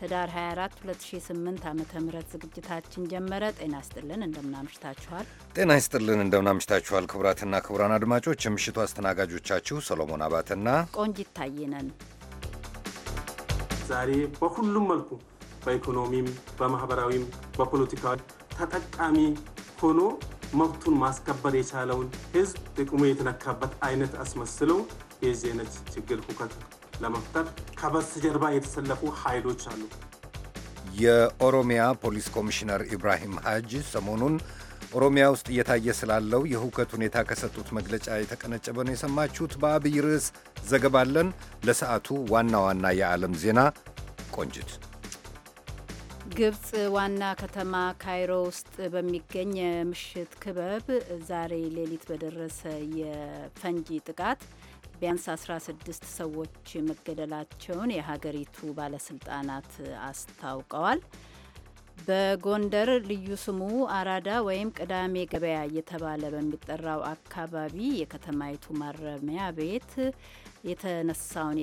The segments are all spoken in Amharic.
ህዳር 24 2008 ዓ ም ዝግጅታችን ጀመረ። ጤና ይስጥልን እንደምናምሽታችኋል። ጤና ይስጥልን እንደምናምሽታችኋል። ክቡራትና ክቡራን አድማጮች የምሽቱ አስተናጋጆቻችሁ ሰሎሞን አባትና ቆንጂት ታየ ዛሬ በሁሉም መልኩ በኢኮኖሚም፣ በማህበራዊም፣ በፖለቲካዊ ተጠቃሚ ሆኖ መብቱን ማስከበር የቻለውን ህዝብ ጥቅሙ የተነካበት አይነት አስመስለው የዚህ አይነት ችግር ሁከት ለመፍጠር ከበስተጀርባ የተሰለፉ ኃይሎች አሉ። የኦሮሚያ ፖሊስ ኮሚሽነር ኢብራሂም ሐጅ ሰሞኑን ኦሮሚያ ውስጥ እየታየ ስላለው የሁከት ሁኔታ ከሰጡት መግለጫ የተቀነጨበ ነው የሰማችሁት። በአብይ ርዕስ ዘገባለን። ለሰዓቱ ዋና ዋና የዓለም ዜና ቆንጅት ግብፅ ዋና ከተማ ካይሮ ውስጥ በሚገኝ የምሽት ክበብ ዛሬ ሌሊት በደረሰ የፈንጂ ጥቃት ቢያንስ 16 ሰዎች መገደላቸውን የሀገሪቱ ባለስልጣናት አስታውቀዋል። በጎንደር ልዩ ስሙ አራዳ ወይም ቅዳሜ ገበያ እየተባለ በሚጠራው አካባቢ የከተማይቱ ማረሚያ ቤት የተነሳውን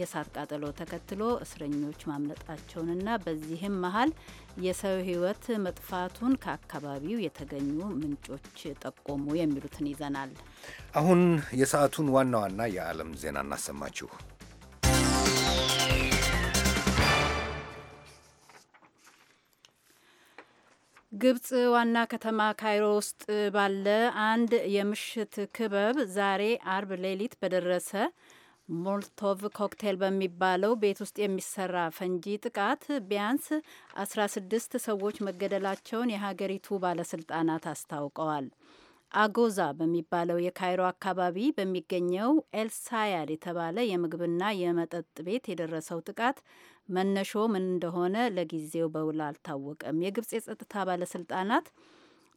የእሳት ቃጠሎ ተከትሎ እስረኞች ማምለጣቸውንና በዚህም መሀል የሰው ሕይወት መጥፋቱን ከአካባቢው የተገኙ ምንጮች ጠቆሙ። የሚሉትን ይዘናል። አሁን የሰዓቱን ዋና ዋና የዓለም ዜና እናሰማችሁ። ግብጽ ዋና ከተማ ካይሮ ውስጥ ባለ አንድ የምሽት ክበብ ዛሬ አርብ ሌሊት በደረሰ ሞልቶቭ ኮክቴል በሚባለው ቤት ውስጥ የሚሰራ ፈንጂ ጥቃት ቢያንስ 16 ሰዎች መገደላቸውን የሀገሪቱ ባለስልጣናት አስታውቀዋል። አጎዛ በሚባለው የካይሮ አካባቢ በሚገኘው ኤልሳያድ የተባለ የምግብና የመጠጥ ቤት የደረሰው ጥቃት መነሾ ምን እንደሆነ ለጊዜው በውል አልታወቀም። የግብጽ የጸጥታ ባለስልጣናት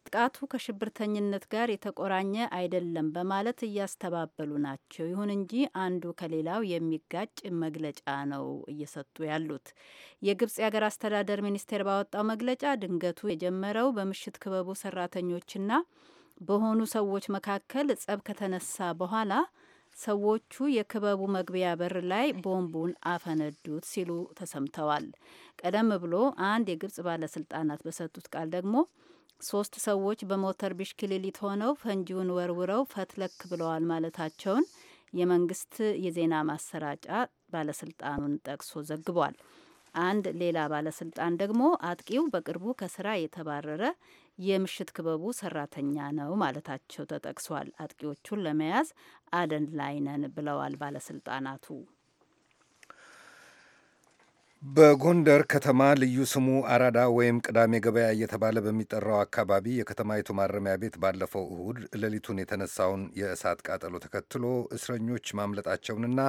ጥቃቱ ከሽብርተኝነት ጋር የተቆራኘ አይደለም በማለት እያስተባበሉ ናቸው። ይሁን እንጂ አንዱ ከሌላው የሚጋጭ መግለጫ ነው እየሰጡ ያሉት። የግብጽ የሀገር አስተዳደር ሚኒስቴር ባወጣው መግለጫ ድንገቱ የጀመረው በምሽት ክበቡ ሰራተኞችና በሆኑ ሰዎች መካከል ጸብ ከተነሳ በኋላ ሰዎቹ የክበቡ መግቢያ በር ላይ ቦምቡን አፈነዱት ሲሉ ተሰምተዋል። ቀደም ብሎ አንድ የግብጽ ባለስልጣናት በሰጡት ቃል ደግሞ ሶስት ሰዎች በሞተር ብሽክሌት ሆነው ፈንጂውን ወርውረው ፈትለክ ብለዋል ማለታቸውን የመንግስት የዜና ማሰራጫ ባለስልጣኑን ጠቅሶ ዘግቧል። አንድ ሌላ ባለስልጣን ደግሞ አጥቂው በቅርቡ ከስራ የተባረረ የምሽት ክበቡ ሰራተኛ ነው ማለታቸው ተጠቅሷል። አጥቂዎቹን ለመያዝ አደን ላይ ነን ብለዋል ባለስልጣናቱ። በጎንደር ከተማ ልዩ ስሙ አራዳ ወይም ቅዳሜ ገበያ እየተባለ በሚጠራው አካባቢ የከተማይቱ ማረሚያ ቤት ባለፈው እሁድ ሌሊቱን የተነሳውን የእሳት ቃጠሎ ተከትሎ እስረኞች ማምለጣቸውንና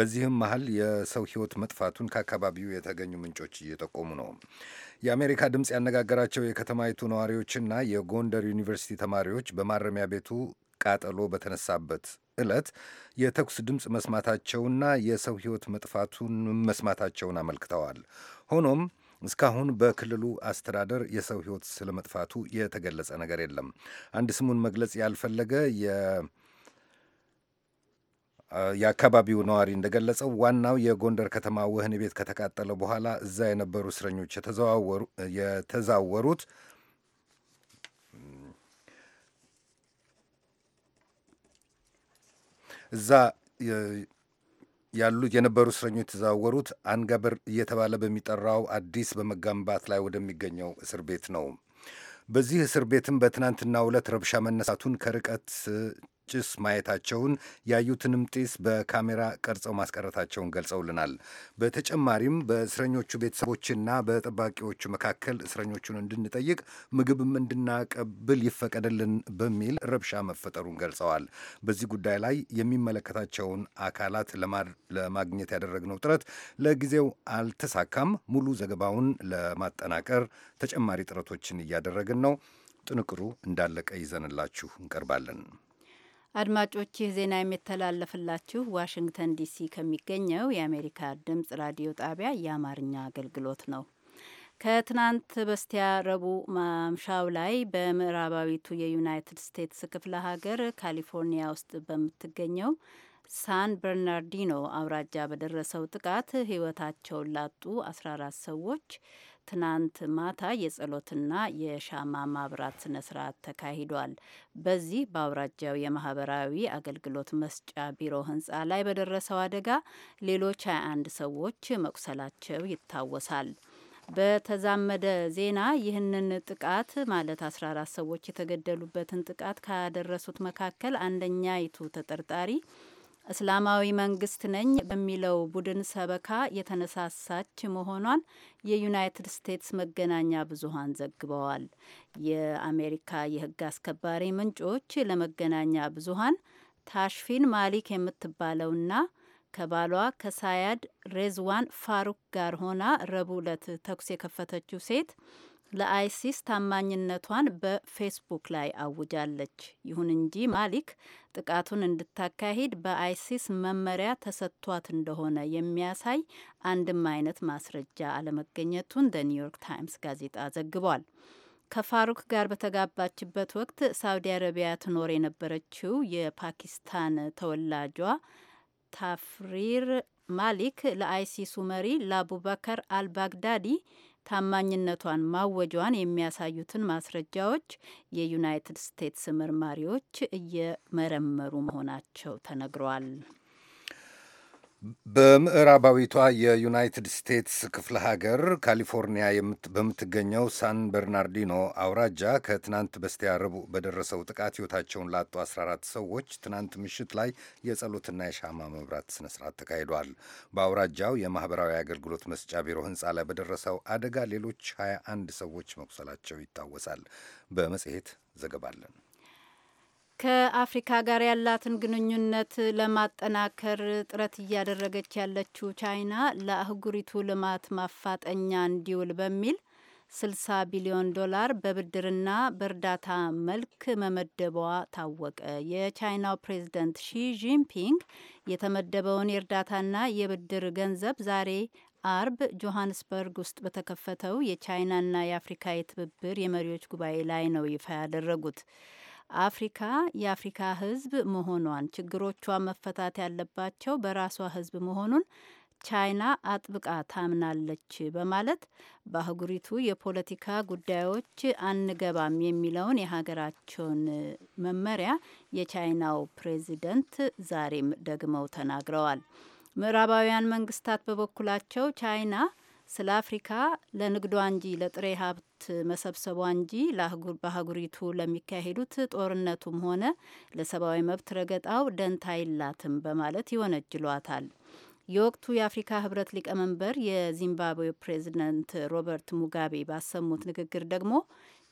በዚህም መሀል የሰው ሕይወት መጥፋቱን ከአካባቢው የተገኙ ምንጮች እየጠቆሙ ነው። የአሜሪካ ድምፅ ያነጋገራቸው የከተማይቱ ነዋሪዎችና የጎንደር ዩኒቨርሲቲ ተማሪዎች በማረሚያ ቤቱ ቃጠሎ በተነሳበት ዕለት የተኩስ ድምፅ መስማታቸውና የሰው ሕይወት መጥፋቱን መስማታቸውን አመልክተዋል። ሆኖም እስካሁን በክልሉ አስተዳደር የሰው ሕይወት ስለመጥፋቱ የተገለጸ ነገር የለም። አንድ ስሙን መግለጽ ያልፈለገ የአካባቢው ነዋሪ እንደገለጸው ዋናው የጎንደር ከተማ ወህኒ ቤት ከተቃጠለ በኋላ እዛ የነበሩ እስረኞች የተዛወሩት። እዛ ያሉት የነበሩ እስረኞች የተዛወሩት አንገብር እየተባለ በሚጠራው አዲስ በመገንባት ላይ ወደሚገኘው እስር ቤት ነው። በዚህ እስር ቤትም በትናንትናው ዕለት ረብሻ መነሳቱን ከርቀት ጭስ ማየታቸውን ያዩትንም ጢስ በካሜራ ቀርጸው ማስቀረታቸውን ገልጸውልናል። በተጨማሪም በእስረኞቹ ቤተሰቦችና በጠባቂዎቹ መካከል እስረኞቹን እንድንጠይቅ ምግብም እንድናቀብል ይፈቀደልን በሚል ረብሻ መፈጠሩን ገልጸዋል። በዚህ ጉዳይ ላይ የሚመለከታቸውን አካላት ለማግኘት ያደረግነው ጥረት ለጊዜው አልተሳካም። ሙሉ ዘገባውን ለማጠናቀር ተጨማሪ ጥረቶችን እያደረግን ነው። ጥንቅሩ እንዳለቀ ይዘንላችሁ እንቀርባለን። አድማጮች ይህ ዜና የሚተላለፍላችሁ ዋሽንግተን ዲሲ ከሚገኘው የአሜሪካ ድምጽ ራዲዮ ጣቢያ የአማርኛ አገልግሎት ነው። ከትናንት በስቲያ ረቡዕ ማምሻው ላይ በምዕራባዊቱ የዩናይትድ ስቴትስ ክፍለ ሀገር ካሊፎርኒያ ውስጥ በምትገኘው ሳን በርናርዲኖ አውራጃ በደረሰው ጥቃት ሕይወታቸውን ላጡ 14 ሰዎች ትናንት ማታ የጸሎትና የሻማ ማብራት ስነ ስርዓት ተካሂዷል። በዚህ በአውራጃው የማህበራዊ አገልግሎት መስጫ ቢሮ ህንፃ ላይ በደረሰው አደጋ ሌሎች 21 ሰዎች መቁሰላቸው ይታወሳል። በተዛመደ ዜና ይህንን ጥቃት ማለት 14 ሰዎች የተገደሉበትን ጥቃት ካደረሱት መካከል አንደኛይቱ ተጠርጣሪ እስላማዊ መንግስት ነኝ በሚለው ቡድን ሰበካ የተነሳሳች መሆኗን የዩናይትድ ስቴትስ መገናኛ ብዙሃን ዘግበዋል። የአሜሪካ የህግ አስከባሪ ምንጮች ለመገናኛ ብዙሃን ታሽፊን ማሊክ የምትባለውና ከባሏ ከሳያድ ሬዝዋን ፋሩክ ጋር ሆና ረቡዕ ዕለት ተኩስ የከፈተችው ሴት ለአይሲስ ታማኝነቷን በፌስቡክ ላይ አውጃለች። ይሁን እንጂ ማሊክ ጥቃቱን እንድታካሂድ በአይሲስ መመሪያ ተሰጥቷት እንደሆነ የሚያሳይ አንድም አይነት ማስረጃ አለመገኘቱን ኒውዮርክ ታይምስ ጋዜጣ ዘግቧል። ከፋሩክ ጋር በተጋባችበት ወቅት ሳውዲ አረቢያ ትኖር የነበረችው የፓኪስታን ተወላጇ ታፍሪር ማሊክ ለአይሲሱ መሪ ለአቡበከር አልባግዳዲ ታማኝነቷን ማወጇን የሚያሳዩትን ማስረጃዎች የዩናይትድ ስቴትስ መርማሪዎች እየመረመሩ መሆናቸው ተነግሯል። በምዕራባዊቷ የዩናይትድ ስቴትስ ክፍለ ሀገር ካሊፎርኒያ በምትገኘው ሳን በርናርዲኖ አውራጃ ከትናንት በስቲያ ረቡዕ በደረሰው ጥቃት ሕይወታቸውን ላጡ 14 ሰዎች ትናንት ምሽት ላይ የጸሎትና የሻማ መብራት ስነ ስርዓት ተካሂዷል። በአውራጃው የማህበራዊ አገልግሎት መስጫ ቢሮ ህንፃ ላይ በደረሰው አደጋ ሌሎች 21 ሰዎች መቁሰላቸው ይታወሳል። በመጽሔት ዘገባለን። ከአፍሪካ ጋር ያላትን ግንኙነት ለማጠናከር ጥረት እያደረገች ያለችው ቻይና ለአህጉሪቱ ልማት ማፋጠኛ እንዲውል በሚል 60 ቢሊዮን ዶላር በብድርና በእርዳታ መልክ መመደቧ ታወቀ። የቻይናው ፕሬዝደንት ሺ ጂንፒንግ የተመደበውን የእርዳታና የብድር ገንዘብ ዛሬ አርብ ጆሃንስበርግ ውስጥ በተከፈተው የቻይናና የአፍሪካ የትብብር የመሪዎች ጉባኤ ላይ ነው ይፋ ያደረጉት። አፍሪካ የአፍሪካ ህዝብ መሆኗን ችግሮቿ መፈታት ያለባቸው በራሷ ህዝብ መሆኑን ቻይና አጥብቃ ታምናለች በማለት በአህጉሪቱ የፖለቲካ ጉዳዮች አንገባም የሚለውን የሀገራቸውን መመሪያ የቻይናው ፕሬዚደንት ዛሬም ደግመው ተናግረዋል። ምዕራባውያን መንግስታት በበኩላቸው ቻይና ስለ አፍሪካ ለንግዷ እንጂ ለጥሬ ሀብት መሰብሰቧ እንጂ በአህጉሪቱ ለሚካሄዱት ጦርነቱም ሆነ ለሰብአዊ መብት ረገጣው ደንታ የላትም በማለት ይወነጅሏታል። የወቅቱ የአፍሪካ ህብረት ሊቀመንበር የዚምባብዌ ፕሬዚደንት ሮበርት ሙጋቤ ባሰሙት ንግግር ደግሞ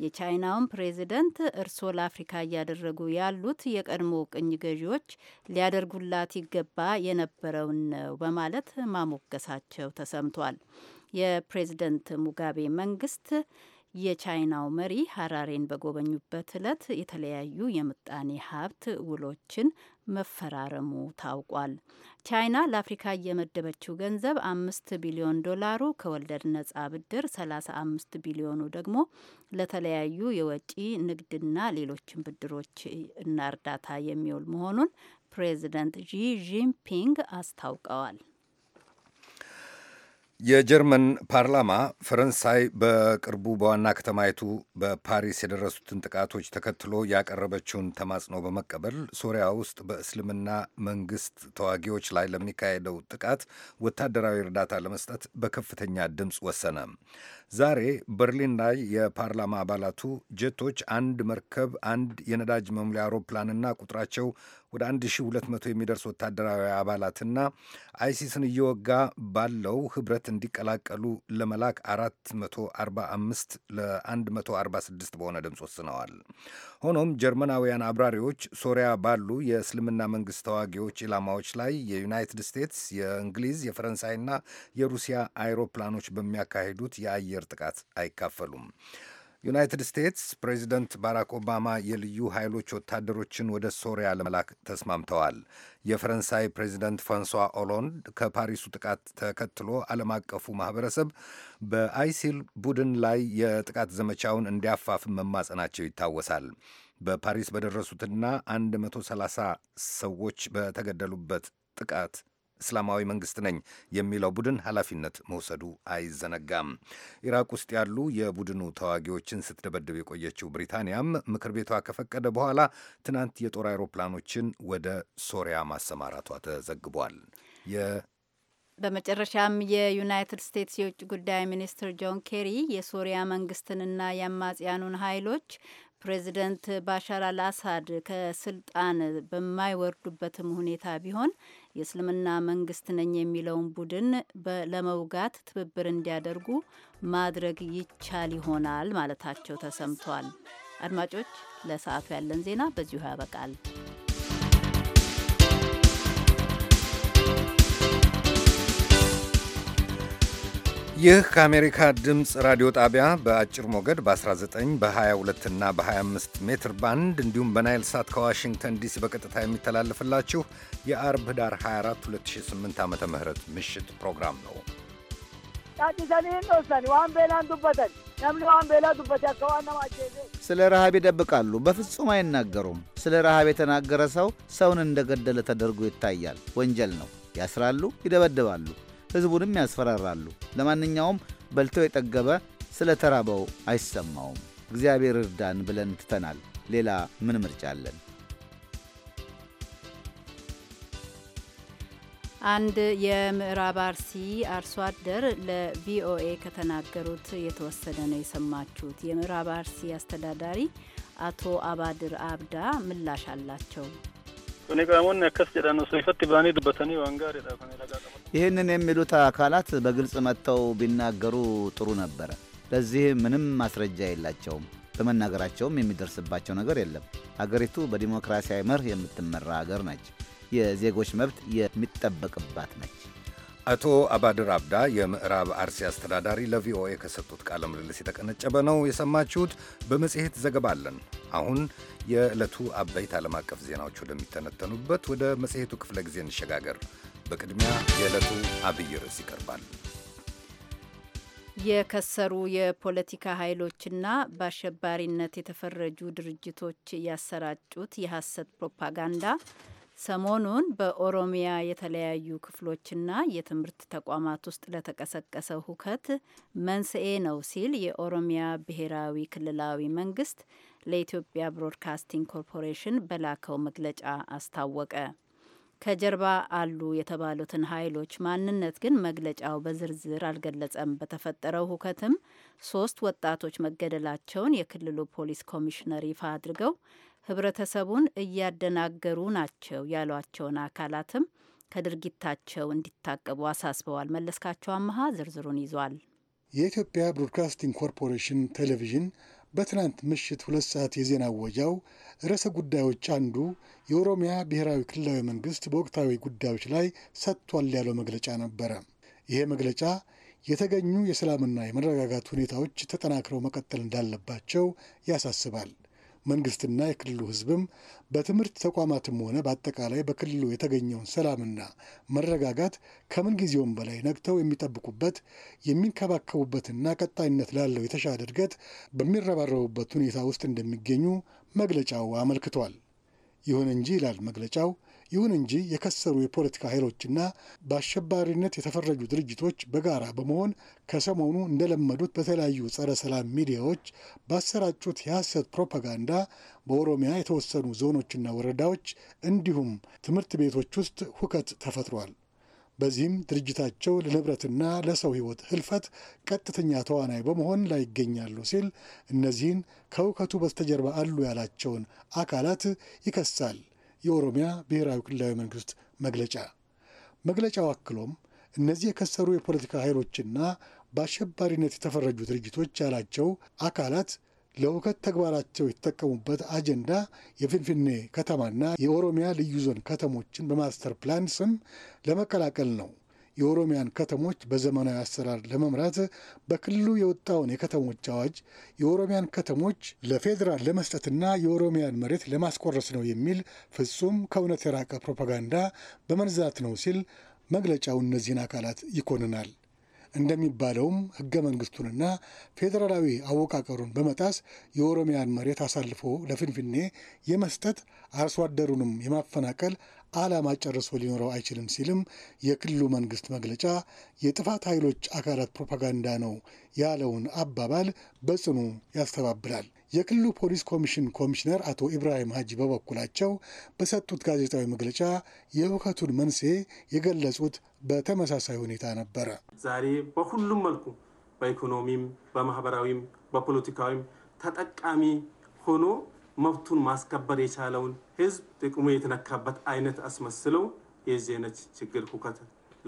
የቻይናውን ፕሬዚደንት እርስዎ ለአፍሪካ እያደረጉ ያሉት የቀድሞ ቅኝ ገዢዎች ሊያደርጉላት ይገባ የነበረውን ነው በማለት ማሞገሳቸው ተሰምቷል። የፕሬዝደንት ሙጋቤ መንግስት የቻይናው መሪ ሀራሬን በጎበኙበት ዕለት የተለያዩ የምጣኔ ሀብት ውሎችን መፈራረሙ ታውቋል። ቻይና ለአፍሪካ እየመደበችው ገንዘብ አምስት ቢሊዮን ዶላሩ ከወለድ ነጻ ብድር፣ ሰላሳ አምስት ቢሊዮኑ ደግሞ ለተለያዩ የወጪ ንግድና ሌሎችን ብድሮች እና እርዳታ የሚውል መሆኑን ፕሬዚደንት ዢ ጂንፒንግ አስታውቀዋል። የጀርመን ፓርላማ ፈረንሳይ በቅርቡ በዋና ከተማይቱ በፓሪስ የደረሱትን ጥቃቶች ተከትሎ ያቀረበችውን ተማጽኖ በመቀበል ሶሪያ ውስጥ በእስልምና መንግስት ተዋጊዎች ላይ ለሚካሄደው ጥቃት ወታደራዊ እርዳታ ለመስጠት በከፍተኛ ድምፅ ወሰነ። ዛሬ በርሊን ላይ የፓርላማ አባላቱ ጀቶች፣ አንድ መርከብ፣ አንድ የነዳጅ መሙሊያ አውሮፕላንና ቁጥራቸው ወደ 1200 የሚደርሱ ወታደራዊ አባላትና አይሲስን እየወጋ ባለው ህብረት እንዲቀላቀሉ ለመላክ 445 ለ146 በሆነ ድምፅ ወስነዋል። ሆኖም ጀርመናውያን አብራሪዎች ሶሪያ ባሉ የእስልምና መንግስት ተዋጊዎች ኢላማዎች ላይ የዩናይትድ ስቴትስ፣ የእንግሊዝ፣ የፈረንሳይና የሩሲያ አይሮፕላኖች በሚያካሂዱት የአየር ጥቃት አይካፈሉም። ዩናይትድ ስቴትስ ፕሬዚደንት ባራክ ኦባማ የልዩ ኃይሎች ወታደሮችን ወደ ሶሪያ ለመላክ ተስማምተዋል። የፈረንሳይ ፕሬዚደንት ፍራንሷ ኦሎንድ ከፓሪሱ ጥቃት ተከትሎ ዓለም አቀፉ ማኅበረሰብ በአይሲል ቡድን ላይ የጥቃት ዘመቻውን እንዲያፋፍም መማጸናቸው ይታወሳል። በፓሪስ በደረሱትና 130 ሰዎች በተገደሉበት ጥቃት እስላማዊ መንግስት ነኝ የሚለው ቡድን ኃላፊነት መውሰዱ አይዘነጋም። ኢራቅ ውስጥ ያሉ የቡድኑ ተዋጊዎችን ስትደበድብ የቆየችው ብሪታንያም ምክር ቤቷ ከፈቀደ በኋላ ትናንት የጦር አይሮፕላኖችን ወደ ሶሪያ ማሰማራቷ ተዘግቧል። በመጨረሻም የዩናይትድ ስቴትስ የውጭ ጉዳይ ሚኒስትር ጆን ኬሪ የሶሪያ መንግስትንና የአማጽያኑን ኃይሎች ፕሬዚደንት ባሻር አልአሳድ ከስልጣን በማይወርዱበትም ሁኔታ ቢሆን የእስልምና መንግስት ነኝ የሚለውን ቡድን ለመውጋት ትብብር እንዲያደርጉ ማድረግ ይቻል ይሆናል ማለታቸው ተሰምቷል። አድማጮች፣ ለሰዓቱ ያለን ዜና በዚሁ ያበቃል። ይህ ከአሜሪካ ድምፅ ራዲዮ ጣቢያ በአጭር ሞገድ በ19 በ22 እና በ25 ሜትር ባንድ እንዲሁም በናይል ሳት ከዋሽንግተን ዲሲ በቀጥታ የሚተላለፍላችሁ የአርብ ህዳር 24 2008 ዓ ም ምሽት ፕሮግራም ነው። ስለ ረሃብ ይደብቃሉ፣ በፍጹም አይናገሩም። ስለ ረሃብ የተናገረ ሰው ሰውን እንደገደለ ተደርጎ ይታያል፣ ወንጀል ነው። ያስራሉ፣ ይደበድባሉ። ሕዝቡንም ያስፈራራሉ። ለማንኛውም በልተው የጠገበ ስለ ተራበው አይሰማውም። እግዚአብሔር እርዳን ብለን ትተናል። ሌላ ምን ምርጫ አለን? አንድ የምዕራብ አርሲ አርሶ አደር ለቪኦኤ ከተናገሩት የተወሰደ ነው የሰማችሁት። የምዕራብ አርሲ አስተዳዳሪ አቶ አባድር አብዳ ምላሽ አላቸው። ያከስ ሰይፈት ዱበተኒ ዋንጋር ይህንን የሚሉት አካላት በግልጽ መጥተው ቢናገሩ ጥሩ ነበረ። ለዚህ ምንም ማስረጃ የላቸውም። በመናገራቸውም የሚደርስባቸው ነገር የለም። አገሪቱ በዲሞክራሲያዊ መርህ የምትመራ አገር ነች። የዜጎች መብት የሚጠበቅባት ነች። አቶ አባድር አብዳ የምዕራብ አርሲ አስተዳዳሪ ለቪኦኤ ከሰጡት ቃለ ምልልስ የተቀነጨበ ነው የሰማችሁት። በመጽሔት ዘገባ አለን። አሁን የዕለቱ አበይት ዓለም አቀፍ ዜናዎች ወደሚተነተኑበት ወደ መጽሔቱ ክፍለ ጊዜ እንሸጋገር። በቅድሚያ የዕለቱ አብይ ርዕስ ይቀርባል። የከሰሩ የፖለቲካ ኃይሎችና በአሸባሪነት የተፈረጁ ድርጅቶች ያሰራጩት የሐሰት ፕሮፓጋንዳ ሰሞኑን በኦሮሚያ የተለያዩ ክፍሎችና የትምህርት ተቋማት ውስጥ ለተቀሰቀሰ ሁከት መንስኤ ነው ሲል የኦሮሚያ ብሔራዊ ክልላዊ መንግስት ለኢትዮጵያ ብሮድካስቲንግ ኮርፖሬሽን በላከው መግለጫ አስታወቀ። ከጀርባ አሉ የተባሉትን ኃይሎች ማንነት ግን መግለጫው በዝርዝር አልገለጸም። በተፈጠረው ሁከትም ሶስት ወጣቶች መገደላቸውን የክልሉ ፖሊስ ኮሚሽነር ይፋ አድርገው ህብረተሰቡን እያደናገሩ ናቸው ያሏቸውን አካላትም ከድርጊታቸው እንዲታቀቡ አሳስበዋል። መለስካቸው አመሃ ዝርዝሩን ይዟል። የኢትዮጵያ ብሮድካስቲንግ ኮርፖሬሽን ቴሌቪዥን በትናንት ምሽት ሁለት ሰዓት የዜና ወጃው ርዕሰ ጉዳዮች አንዱ የኦሮሚያ ብሔራዊ ክልላዊ መንግስት በወቅታዊ ጉዳዮች ላይ ሰጥቷል ያለው መግለጫ ነበረ። ይሄ መግለጫ የተገኙ የሰላምና የመረጋጋት ሁኔታዎች ተጠናክረው መቀጠል እንዳለባቸው ያሳስባል። መንግስትና የክልሉ ህዝብም በትምህርት ተቋማትም ሆነ በአጠቃላይ በክልሉ የተገኘውን ሰላምና መረጋጋት ከምንጊዜውም በላይ ነግተው የሚጠብቁበት የሚንከባከቡበትና ቀጣይነት ላለው የተሻለ እድገት በሚረባረቡበት ሁኔታ ውስጥ እንደሚገኙ መግለጫው አመልክቷል። ይሁን እንጂ ይላል መግለጫው ይሁን እንጂ የከሰሩ የፖለቲካ ኃይሎችና በአሸባሪነት የተፈረጁ ድርጅቶች በጋራ በመሆን ከሰሞኑ እንደለመዱት በተለያዩ ጸረ ሰላም ሚዲያዎች ባሰራጩት የሐሰት ፕሮፓጋንዳ በኦሮሚያ የተወሰኑ ዞኖችና ወረዳዎች እንዲሁም ትምህርት ቤቶች ውስጥ ሁከት ተፈጥሯል። በዚህም ድርጅታቸው ለንብረትና ለሰው ሕይወት ህልፈት ቀጥተኛ ተዋናይ በመሆን ላይ ይገኛሉ ሲል እነዚህን ከእውከቱ በስተጀርባ አሉ ያላቸውን አካላት ይከሳል። የኦሮሚያ ብሔራዊ ክልላዊ መንግስት መግለጫ። መግለጫው አክሎም እነዚህ የከሰሩ የፖለቲካ ኃይሎችና በአሸባሪነት የተፈረጁ ድርጅቶች ያላቸው አካላት ለውከት ተግባራቸው የተጠቀሙበት አጀንዳ የፊንፊኔ ከተማና የኦሮሚያ ልዩ ዞን ከተሞችን በማስተር ፕላን ስም ለመቀላቀል ነው። የኦሮሚያን ከተሞች በዘመናዊ አሰራር ለመምራት በክልሉ የወጣውን የከተሞች አዋጅ የኦሮሚያን ከተሞች ለፌዴራል ለመስጠትና የኦሮሚያን መሬት ለማስቆረስ ነው የሚል ፍጹም ከእውነት የራቀ ፕሮፓጋንዳ በመንዛት ነው ሲል መግለጫው እነዚህን አካላት ይኮንናል። እንደሚባለውም ህገ መንግስቱንና ፌዴራላዊ አወቃቀሩን በመጣስ የኦሮሚያን መሬት አሳልፎ ለፍንፍኔ የመስጠት አርሶ አደሩንም የማፈናቀል ዓላማ ጨርሶ ሊኖረው አይችልም ሲልም የክልሉ መንግስት መግለጫ የጥፋት ኃይሎች አካላት ፕሮፓጋንዳ ነው ያለውን አባባል በጽኑ ያስተባብላል። የክልሉ ፖሊስ ኮሚሽን ኮሚሽነር አቶ ኢብራሂም ሀጂ በበኩላቸው በሰጡት ጋዜጣዊ መግለጫ የሁከቱን መንስኤ የገለጹት በተመሳሳይ ሁኔታ ነበረ። ዛሬ በሁሉም መልኩ በኢኮኖሚም፣ በማህበራዊም፣ በፖለቲካዊም ተጠቃሚ ሆኖ መብቱን ማስከበር የቻለውን ህዝብ ጥቅሙ የተነካበት አይነት አስመስለው የዚህ አይነት ችግር ሁከት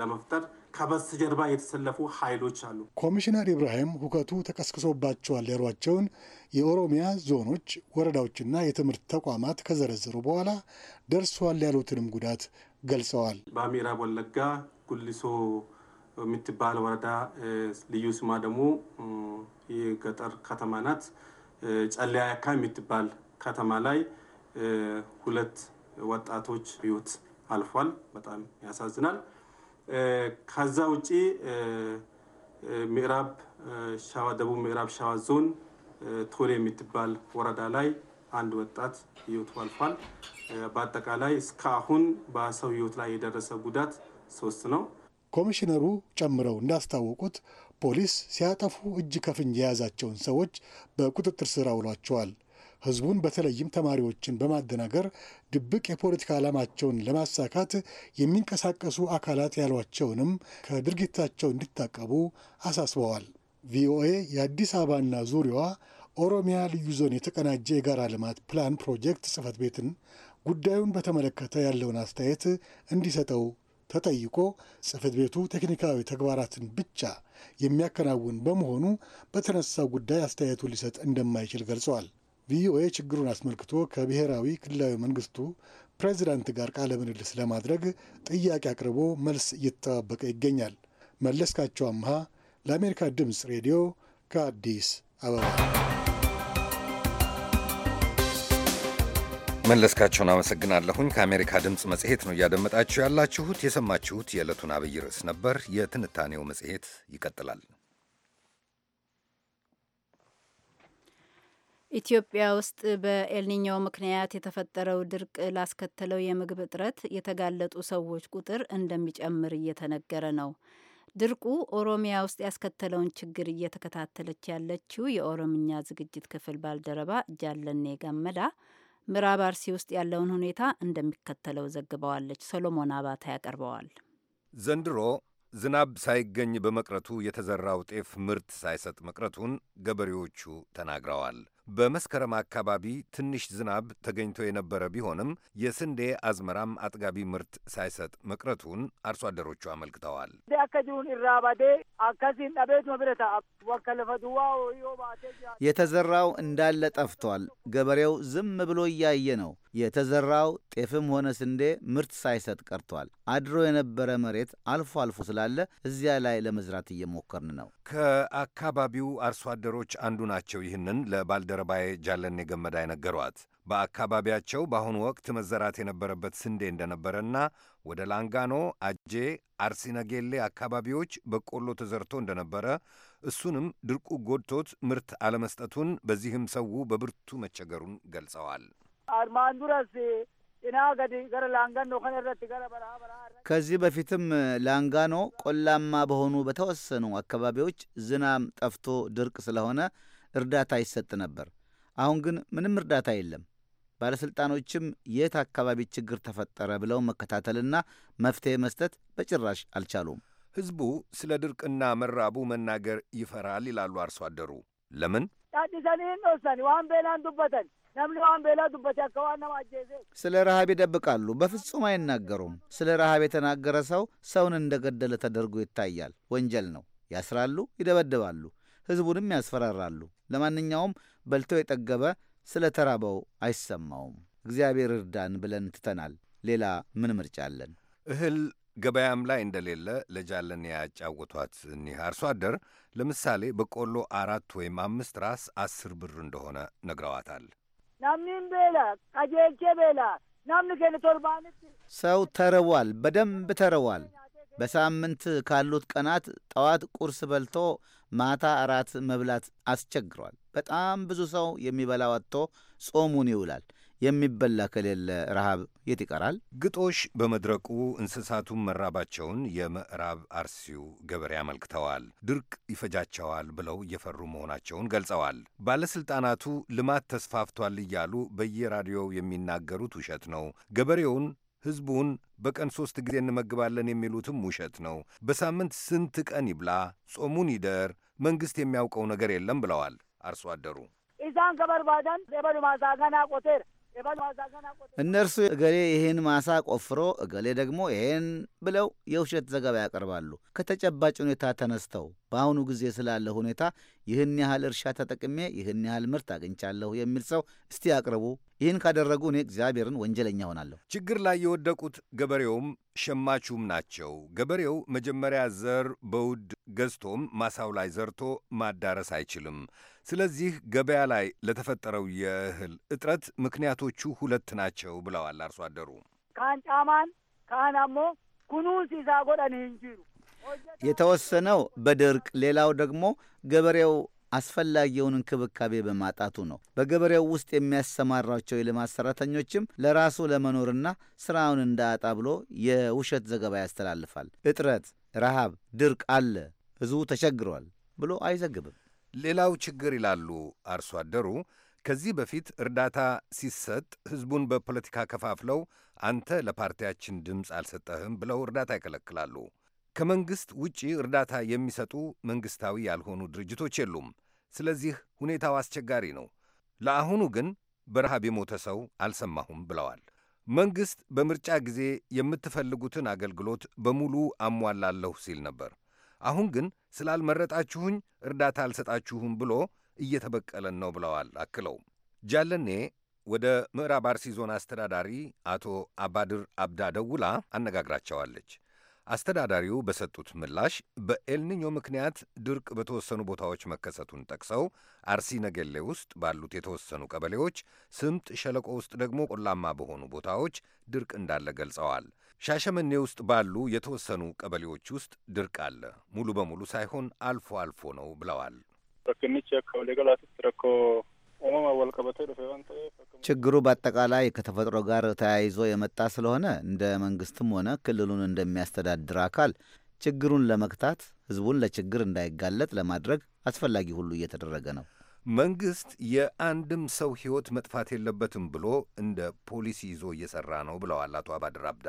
ለመፍጠር ከበስተጀርባ የተሰለፉ ኃይሎች አሉ። ኮሚሽነር ኢብራሂም ሁከቱ ተቀስቅሶባቸዋል ያሏቸውን የኦሮሚያ ዞኖች፣ ወረዳዎችና የትምህርት ተቋማት ከዘረዘሩ በኋላ ደርሷል ያሉትንም ጉዳት ገልጸዋል። በምዕራብ ወለጋ ጉልሶ የምትባል ወረዳ ልዩ ስማ ደግሞ የገጠር ከተማ ናት። ጨለያ የምትባል ከተማ ላይ ሁለት ወጣቶች ህይወት አልፏል። በጣም ያሳዝናል። ከዛ ውጪ ምዕራብ ሸዋ ደቡብ ምዕራብ ሸዋ ዞን ቶሌ የምትባል ወረዳ ላይ አንድ ወጣት ህይወቱ አልፏል። በአጠቃላይ እስካሁን በሰው ህይወት ላይ የደረሰ ጉዳት ሶስት ነው። ኮሚሽነሩ ጨምረው እንዳስታወቁት ፖሊስ ሲያጠፉ እጅ ከፍንጅ የያዛቸውን ሰዎች በቁጥጥር ስር አውሏቸዋል። ህዝቡን በተለይም ተማሪዎችን በማደናገር ድብቅ የፖለቲካ ዓላማቸውን ለማሳካት የሚንቀሳቀሱ አካላት ያሏቸውንም ከድርጊታቸው እንዲታቀቡ አሳስበዋል። ቪኦኤ የአዲስ አበባና ዙሪያዋ ኦሮሚያ ልዩ ዞን የተቀናጀ የጋራ ልማት ፕላን ፕሮጀክት ጽህፈት ቤትን ጉዳዩን በተመለከተ ያለውን አስተያየት እንዲሰጠው ተጠይቆ ጽህፈት ቤቱ ቴክኒካዊ ተግባራትን ብቻ የሚያከናውን በመሆኑ በተነሳው ጉዳይ አስተያየቱን ሊሰጥ እንደማይችል ገልጸዋል። ቪኦኤ ችግሩን አስመልክቶ ከብሔራዊ ክልላዊ መንግስቱ ፕሬዚዳንት ጋር ቃለ ምልልስ ለማድረግ ጥያቄ አቅርቦ መልስ እየተጠባበቀ ይገኛል። መለስካቸው አምሃ ለአሜሪካ ድምፅ ሬዲዮ ከአዲስ አበባ። መለስካቸውን አመሰግናለሁኝ። ከአሜሪካ ድምፅ መጽሔት ነው እያደመጣችሁ ያላችሁት። የሰማችሁት የዕለቱን አብይ ርዕስ ነበር። የትንታኔው መጽሔት ይቀጥላል። ኢትዮጵያ ውስጥ በኤልኒኞ ምክንያት የተፈጠረው ድርቅ ላስከተለው የምግብ እጥረት የተጋለጡ ሰዎች ቁጥር እንደሚጨምር እየተነገረ ነው። ድርቁ ኦሮሚያ ውስጥ ያስከተለውን ችግር እየተከታተለች ያለችው የኦሮምኛ ዝግጅት ክፍል ባልደረባ ጃለኔ ገመዳ ምዕራብ አርሲ ውስጥ ያለውን ሁኔታ እንደሚከተለው ዘግበዋለች። ሰሎሞን አባታ ያቀርበዋል። ዘንድሮ ዝናብ ሳይገኝ በመቅረቱ የተዘራው ጤፍ ምርት ሳይሰጥ መቅረቱን ገበሬዎቹ ተናግረዋል። በመስከረም አካባቢ ትንሽ ዝናብ ተገኝቶ የነበረ ቢሆንም የስንዴ አዝመራም አጥጋቢ ምርት ሳይሰጥ መቅረቱን አርሶ አደሮቹ አመልክተዋል። የተዘራው እንዳለ ጠፍቷል። ገበሬው ዝም ብሎ እያየ ነው። የተዘራው ጤፍም ሆነ ስንዴ ምርት ሳይሰጥ ቀርቷል። አድሮ የነበረ መሬት አልፎ አልፎ ስላለ እዚያ ላይ ለመዝራት እየሞከርን ነው። ከአካባቢው አርሶ አደሮች አንዱ ናቸው። ይህንን ለባልደረ ባልደረባዬ ጃለኔ ገመዳ የነገሯት በአካባቢያቸው በአሁኑ ወቅት መዘራት የነበረበት ስንዴ እንደነበረና ወደ ላንጋኖ፣ አጄ፣ አርሲነጌሌ አካባቢዎች በቆሎ ተዘርቶ እንደነበረ እሱንም ድርቁ ጎድቶት ምርት አለመስጠቱን በዚህም ሰው በብርቱ መቸገሩን ገልጸዋል። ከዚህ በፊትም ላንጋኖ ቆላማ በሆኑ በተወሰኑ አካባቢዎች ዝናም ጠፍቶ ድርቅ ስለሆነ እርዳታ ይሰጥ ነበር። አሁን ግን ምንም እርዳታ የለም። ባለሥልጣኖችም የት አካባቢ ችግር ተፈጠረ ብለው መከታተልና መፍትሔ መስጠት በጭራሽ አልቻሉም። ሕዝቡ ስለ ድርቅና መራቡ መናገር ይፈራል ይላሉ አርሶ አደሩ። ለምን ስለ ረሃብ ይደብቃሉ? በፍጹም አይናገሩም። ስለ ረሃብ የተናገረ ሰው ሰውን እንደገደለ ተደርጎ ይታያል። ወንጀል ነው። ያስራሉ፣ ይደበድባሉ፣ ሕዝቡንም ያስፈራራሉ። ለማንኛውም በልቶ የጠገበ ስለ ተራበው አይሰማውም። እግዚአብሔር እርዳን ብለን ትተናል። ሌላ ምን ምርጫ አለን? እህል ገበያም ላይ እንደሌለ ለጃለን ያጫወቷት እኒህ አርሶ አደር ለምሳሌ በቆሎ አራት ወይም አምስት ራስ አስር ብር እንደሆነ ነግረዋታል። ቤላ ቤላ ሰው ተርቧል፣ በደንብ ተርቧል። በሳምንት ካሉት ቀናት ጠዋት ቁርስ በልቶ ማታ እራት መብላት አስቸግሯል። በጣም ብዙ ሰው የሚበላ ወጥቶ ጾሙን ይውላል። የሚበላ ከሌለ ረሃብ የት ይቀራል? ግጦሽ በመድረቁ እንስሳቱን መራባቸውን የምዕራብ አርሲው ገበሬ አመልክተዋል። ድርቅ ይፈጃቸዋል ብለው እየፈሩ መሆናቸውን ገልጸዋል። ባለሥልጣናቱ ልማት ተስፋፍቷል እያሉ በየራዲዮው የሚናገሩት ውሸት ነው፣ ገበሬውን ሕዝቡን በቀን ሦስት ጊዜ እንመግባለን የሚሉትም ውሸት ነው። በሳምንት ስንት ቀን ይብላ? ጾሙን ይደር? መንግሥት የሚያውቀው ነገር የለም ብለዋል አርሶ አደሩ። እነርሱ እገሌ ይህን ማሳ ቆፍሮ እገሌ ደግሞ ይህን ብለው የውሸት ዘገባ ያቀርባሉ። ከተጨባጭ ሁኔታ ተነስተው በአሁኑ ጊዜ ስላለ ሁኔታ ይህን ያህል እርሻ ተጠቅሜ ይህን ያህል ምርት አግኝቻለሁ የሚል ሰው እስቲ አቅርቡ። ይህን ካደረጉ እኔ እግዚአብሔርን ወንጀለኛ ሆናለሁ። ችግር ላይ የወደቁት ገበሬውም ሸማቹም ናቸው። ገበሬው መጀመሪያ ዘር በውድ ገዝቶም ማሳው ላይ ዘርቶ ማዳረስ አይችልም። ስለዚህ ገበያ ላይ ለተፈጠረው የእህል እጥረት ምክንያቶቹ ሁለት ናቸው ብለዋል አርሶ አደሩ ካን ጫማን አሞ ኩኑን ሲዛ እንጂሩ የተወሰነው በድርቅ ሌላው ደግሞ ገበሬው አስፈላጊውን እንክብካቤ በማጣቱ ነው። በገበሬው ውስጥ የሚያሰማራቸው የልማት ሰራተኞችም ለራሱ ለመኖርና ስራውን እንዳያጣ ብሎ የውሸት ዘገባ ያስተላልፋል። እጥረት፣ ረሃብ፣ ድርቅ አለ፣ ህዝቡ ተቸግሯል ብሎ አይዘግብም። ሌላው ችግር ይላሉ አርሶ አደሩ ከዚህ በፊት እርዳታ ሲሰጥ ህዝቡን በፖለቲካ ከፋፍለው አንተ ለፓርቲያችን ድምፅ አልሰጠህም ብለው እርዳታ ይከለክላሉ። ከመንግሥት ውጪ እርዳታ የሚሰጡ መንግሥታዊ ያልሆኑ ድርጅቶች የሉም። ስለዚህ ሁኔታው አስቸጋሪ ነው። ለአሁኑ ግን በረሃብ የሞተ ሰው አልሰማሁም ብለዋል። መንግሥት በምርጫ ጊዜ የምትፈልጉትን አገልግሎት በሙሉ አሟላለሁ ሲል ነበር። አሁን ግን ስላልመረጣችሁኝ እርዳታ አልሰጣችሁም ብሎ እየተበቀለን ነው ብለዋል። አክለው ጃለኔ ወደ ምዕራብ አርሲ ዞን አስተዳዳሪ አቶ አባድር አብዳ ደውላ አነጋግራቸዋለች። አስተዳዳሪው በሰጡት ምላሽ በኤልኒኞ ምክንያት ድርቅ በተወሰኑ ቦታዎች መከሰቱን ጠቅሰው አርሲ ነገሌ ውስጥ ባሉት የተወሰኑ ቀበሌዎች፣ ስምጥ ሸለቆ ውስጥ ደግሞ ቆላማ በሆኑ ቦታዎች ድርቅ እንዳለ ገልጸዋል። ሻሸመኔ ውስጥ ባሉ የተወሰኑ ቀበሌዎች ውስጥ ድርቅ አለ፣ ሙሉ በሙሉ ሳይሆን አልፎ አልፎ ነው ብለዋል። ችግሩ በአጠቃላይ ከተፈጥሮ ጋር ተያይዞ የመጣ ስለሆነ እንደ መንግስትም ሆነ ክልሉን እንደሚያስተዳድር አካል ችግሩን ለመክታት ህዝቡን ለችግር እንዳይጋለጥ ለማድረግ አስፈላጊ ሁሉ እየተደረገ ነው። መንግስት የአንድም ሰው ህይወት መጥፋት የለበትም ብሎ እንደ ፖሊሲ ይዞ እየሰራ ነው ብለዋል አቶ አባድር አብዳ።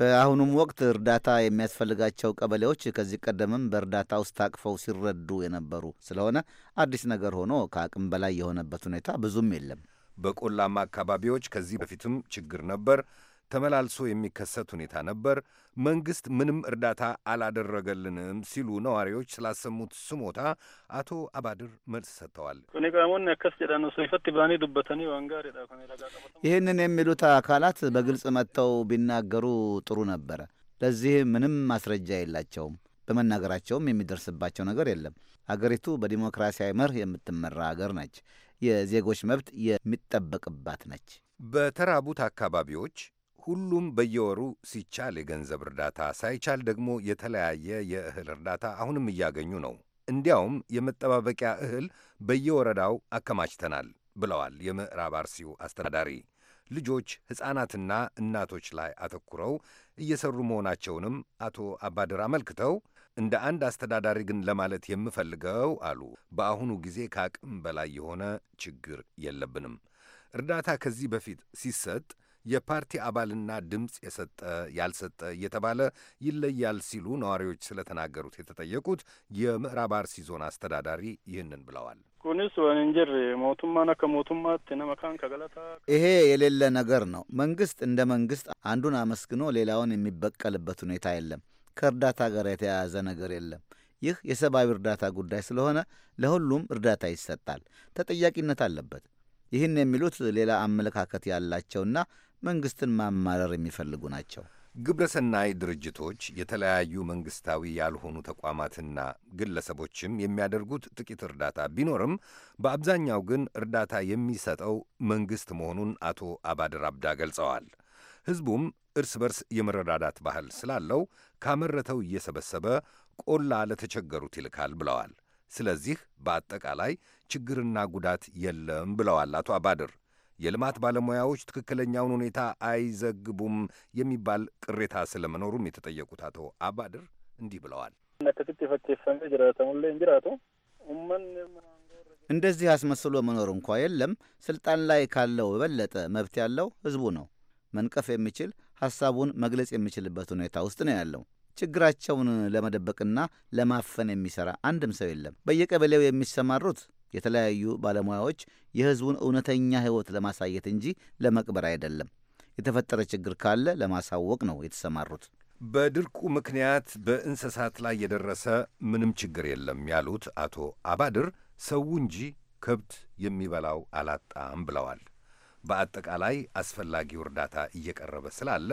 በአሁኑም ወቅት እርዳታ የሚያስፈልጋቸው ቀበሌዎች ከዚህ ቀደምም በእርዳታ ውስጥ ታቅፈው ሲረዱ የነበሩ ስለሆነ አዲስ ነገር ሆኖ ከአቅም በላይ የሆነበት ሁኔታ ብዙም የለም። በቆላማ አካባቢዎች ከዚህ በፊትም ችግር ነበር። ተመላልሶ የሚከሰት ሁኔታ ነበር። መንግሥት ምንም እርዳታ አላደረገልንም ሲሉ ነዋሪዎች ስላሰሙት ስሞታ አቶ አባድር መልስ ሰጥተዋል። ይህንን የሚሉት አካላት በግልጽ መጥተው ቢናገሩ ጥሩ ነበረ። ለዚህ ምንም ማስረጃ የላቸውም። በመናገራቸውም የሚደርስባቸው ነገር የለም። አገሪቱ በዲሞክራሲያዊ መርህ የምትመራ አገር ነች። የዜጎች መብት የሚጠበቅባት ነች። በተራቡት አካባቢዎች ሁሉም በየወሩ ሲቻል የገንዘብ እርዳታ ሳይቻል ደግሞ የተለያየ የእህል እርዳታ አሁንም እያገኙ ነው። እንዲያውም የመጠባበቂያ እህል በየወረዳው አከማችተናል ብለዋል የምዕራብ አርሲው አስተዳዳሪ። ልጆች ሕፃናትና እናቶች ላይ አተኩረው እየሰሩ መሆናቸውንም አቶ አባድር አመልክተው እንደ አንድ አስተዳዳሪ ግን ለማለት የምፈልገው አሉ፣ በአሁኑ ጊዜ ከአቅም በላይ የሆነ ችግር የለብንም። እርዳታ ከዚህ በፊት ሲሰጥ የፓርቲ አባልና ድምፅ የሰጠ ያልሰጠ እየተባለ ይለያል ሲሉ ነዋሪዎች ስለተናገሩት የተጠየቁት የምዕራብ አርሲ ዞን አስተዳዳሪ ይህንን ብለዋል። ይሄ የሌለ ነገር ነው። መንግስት እንደ መንግስት አንዱን አመስግኖ ሌላውን የሚበቀልበት ሁኔታ የለም። ከእርዳታ ጋር የተያያዘ ነገር የለም። ይህ የሰብአዊ እርዳታ ጉዳይ ስለሆነ ለሁሉም እርዳታ ይሰጣል። ተጠያቂነት አለበት። ይህን የሚሉት ሌላ አመለካከት ያላቸውና መንግስትን ማማረር የሚፈልጉ ናቸው። ግብረሰናይ ድርጅቶች፣ የተለያዩ መንግስታዊ ያልሆኑ ተቋማትና ግለሰቦችም የሚያደርጉት ጥቂት እርዳታ ቢኖርም በአብዛኛው ግን እርዳታ የሚሰጠው መንግስት መሆኑን አቶ አባድር አብዳ ገልጸዋል። ህዝቡም እርስ በርስ የመረዳዳት ባህል ስላለው ካመረተው እየሰበሰበ ቆላ ለተቸገሩት ይልካል ብለዋል። ስለዚህ በአጠቃላይ ችግርና ጉዳት የለም ብለዋል አቶ አባድር። የልማት ባለሙያዎች ትክክለኛውን ሁኔታ አይዘግቡም የሚባል ቅሬታ ስለመኖሩም የተጠየቁት አቶ አባድር እንዲህ ብለዋል። እንደዚህ አስመስሎ መኖር እንኳ የለም። ስልጣን ላይ ካለው የበለጠ መብት ያለው ህዝቡ ነው። መንቀፍ የሚችል ሐሳቡን መግለጽ የሚችልበት ሁኔታ ውስጥ ነው ያለው። ችግራቸውን ለመደበቅና ለማፈን የሚሠራ አንድም ሰው የለም። በየቀበሌው የሚሰማሩት የተለያዩ ባለሙያዎች የሕዝቡን እውነተኛ ሕይወት ለማሳየት እንጂ ለመቅበር አይደለም። የተፈጠረ ችግር ካለ ለማሳወቅ ነው የተሰማሩት። በድርቁ ምክንያት በእንስሳት ላይ የደረሰ ምንም ችግር የለም ያሉት አቶ አባድር ሰው እንጂ ከብት የሚበላው አላጣም ብለዋል። በአጠቃላይ አስፈላጊው እርዳታ እየቀረበ ስላለ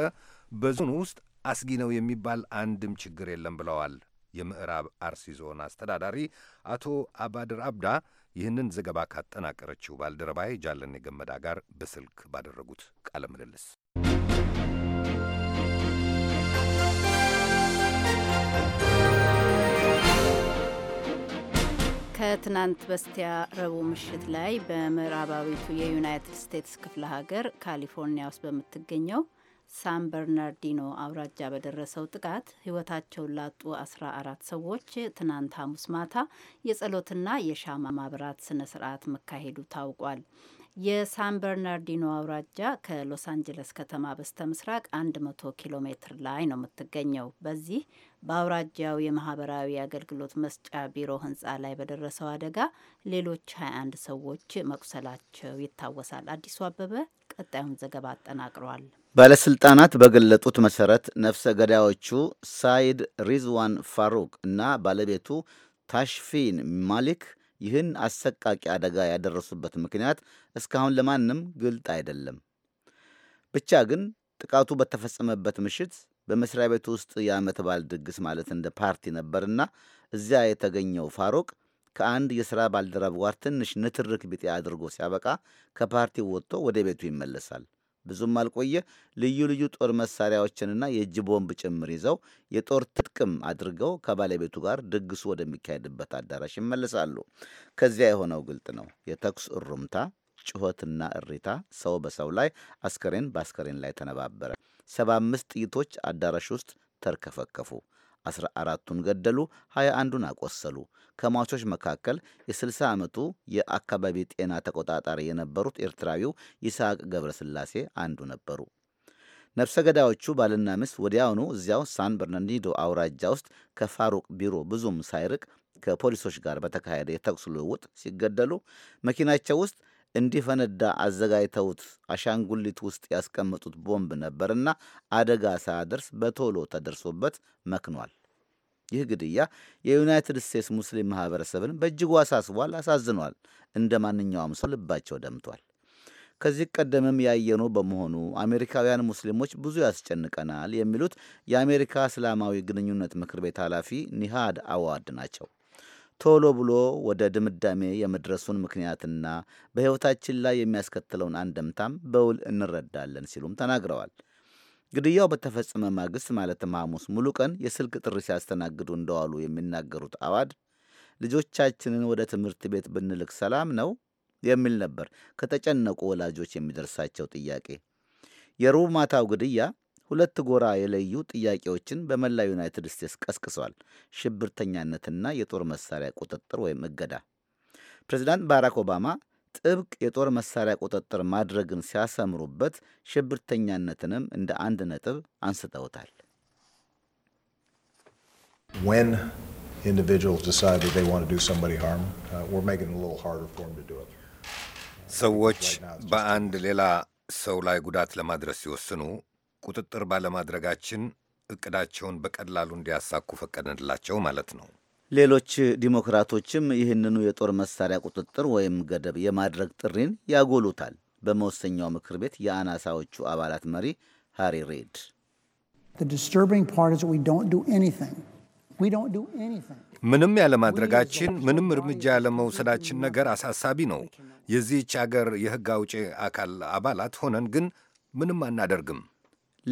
በዞኑ ውስጥ አስጊ ነው የሚባል አንድም ችግር የለም ብለዋል የምዕራብ አርሲ ዞን አስተዳዳሪ አቶ አባድር አብዳ ይህንን ዘገባ ካጠናቀረችው ባልደረባይ ጃለኔ ገመዳ ጋር በስልክ ባደረጉት ቃለ ምልልስ ከትናንት በስቲያ ረቡዕ ምሽት ላይ በምዕራባዊቱ የዩናይትድ ስቴትስ ክፍለ ሀገር ካሊፎርኒያ ውስጥ በምትገኘው ሳን በርናርዲኖ አውራጃ በደረሰው ጥቃት ህይወታቸውን ላጡ አስራ አራት ሰዎች ትናንት ሐሙስ ማታ የጸሎትና የሻማ ማብራት ስነ ስርዓት መካሄዱ ታውቋል። የሳን በርናርዲኖ አውራጃ ከሎስ አንጀለስ ከተማ በስተ ምስራቅ 100 ኪሎ ሜትር ላይ ነው የምትገኘው። በዚህ በአውራጃው የማህበራዊ አገልግሎት መስጫ ቢሮ ህንፃ ላይ በደረሰው አደጋ ሌሎች 21 ሰዎች መቁሰላቸው ይታወሳል። አዲሱ አበበ ቀጣዩን ዘገባ አጠናቅሯል። ባለስልጣናት በገለጡት መሰረት ነፍሰ ገዳዮቹ ሳይድ ሪዝዋን ፋሩቅ እና ባለቤቱ ታሽፊን ማሊክ ይህን አሰቃቂ አደጋ ያደረሱበት ምክንያት እስካሁን ለማንም ግልጥ አይደለም። ብቻ ግን ጥቃቱ በተፈጸመበት ምሽት በመስሪያ ቤቱ ውስጥ የዓመት በዓል ድግስ ማለት እንደ ፓርቲ ነበርና እዚያ የተገኘው ፋሩቅ ከአንድ የሥራ ባልደረብ ጋር ትንሽ ንትርክ ቢጤ አድርጎ ሲያበቃ ከፓርቲው ወጥቶ ወደ ቤቱ ይመለሳል። ብዙም አልቆየ ልዩ ልዩ ጦር መሳሪያዎችንና የእጅ ቦምብ ጭምር ይዘው የጦር ትጥቅም አድርገው ከባለቤቱ ጋር ድግሱ ወደሚካሄድበት አዳራሽ ይመለሳሉ። ከዚያ የሆነው ግልጥ ነው። የተኩስ እሩምታ፣ ጩኸትና እሪታ፣ ሰው በሰው ላይ፣ አስከሬን በአስከሬን ላይ ተነባበረ። ሰባ አምስት ጥይቶች አዳራሽ ውስጥ ተርከፈከፉ። 14ቱን ገደሉ፣ 21 አንዱን አቆሰሉ። ከሟቾች መካከል የ60 ዓመቱ የአካባቢ ጤና ተቆጣጣሪ የነበሩት ኤርትራዊው ይስሐቅ ገብረስላሴ አንዱ ነበሩ። ነፍሰ ገዳዮቹ ባልና ሚስት ወዲያውኑ እዚያው ሳን በርናርዲኖ አውራጃ ውስጥ ከፋሩቅ ቢሮ ብዙም ሳይርቅ ከፖሊሶች ጋር በተካሄደ የተኩስ ልውውጥ ሲገደሉ መኪናቸው ውስጥ እንዲፈነዳ አዘጋጅተውት አሻንጉሊት ውስጥ ያስቀመጡት ቦምብ ነበርና አደጋ ሳያደርስ በቶሎ ተደርሶበት መክኗል። ይህ ግድያ የዩናይትድ ስቴትስ ሙስሊም ማህበረሰብን በእጅጉ አሳስቧል፣ አሳዝኗል። እንደ ማንኛውም ሰው ልባቸው ደምቷል። ከዚህ ቀደምም ያየኑ በመሆኑ አሜሪካውያን ሙስሊሞች ብዙ ያስጨንቀናል የሚሉት የአሜሪካ እስላማዊ ግንኙነት ምክር ቤት ኃላፊ ኒሃድ አዋድ ናቸው። ቶሎ ብሎ ወደ ድምዳሜ የመድረሱን ምክንያትና በሕይወታችን ላይ የሚያስከትለውን አንደምታም በውል እንረዳለን ሲሉም ተናግረዋል። ግድያው በተፈጸመ ማግስት ማለትም ሐሙስ ሙሉ ቀን የስልክ ጥሪ ሲያስተናግዱ እንደዋሉ የሚናገሩት አዋድ ልጆቻችንን ወደ ትምህርት ቤት ብንልክ ሰላም ነው የሚል ነበር ከተጨነቁ ወላጆች የሚደርሳቸው ጥያቄ። የሩብ ማታው ግድያ ሁለት ጎራ የለዩ ጥያቄዎችን በመላ ዩናይትድ ስቴትስ ቀስቅሰዋል። ሽብርተኛነትና የጦር መሳሪያ ቁጥጥር ወይም እገዳ። ፕሬዚዳንት ባራክ ኦባማ ጥብቅ የጦር መሳሪያ ቁጥጥር ማድረግን ሲያሰምሩበት ሽብርተኛነትንም እንደ አንድ ነጥብ አንስተውታል። uh, ሰዎች በአንድ ሌላ ሰው ላይ ጉዳት ለማድረስ ሲወስኑ ቁጥጥር ባለማድረጋችን እቅዳቸውን በቀላሉ እንዲያሳኩ ፈቀደንላቸው ማለት ነው። ሌሎች ዲሞክራቶችም ይህንኑ የጦር መሳሪያ ቁጥጥር ወይም ገደብ የማድረግ ጥሪን ያጎሉታል። በመወሰኛው ምክር ቤት የአናሳዎቹ አባላት መሪ ሃሪ ሬድ ምንም ያለማድረጋችን ምንም እርምጃ ያለመውሰዳችን ነገር አሳሳቢ ነው። የዚህች አገር የሕግ አውጪ አካል አባላት ሆነን ግን ምንም አናደርግም።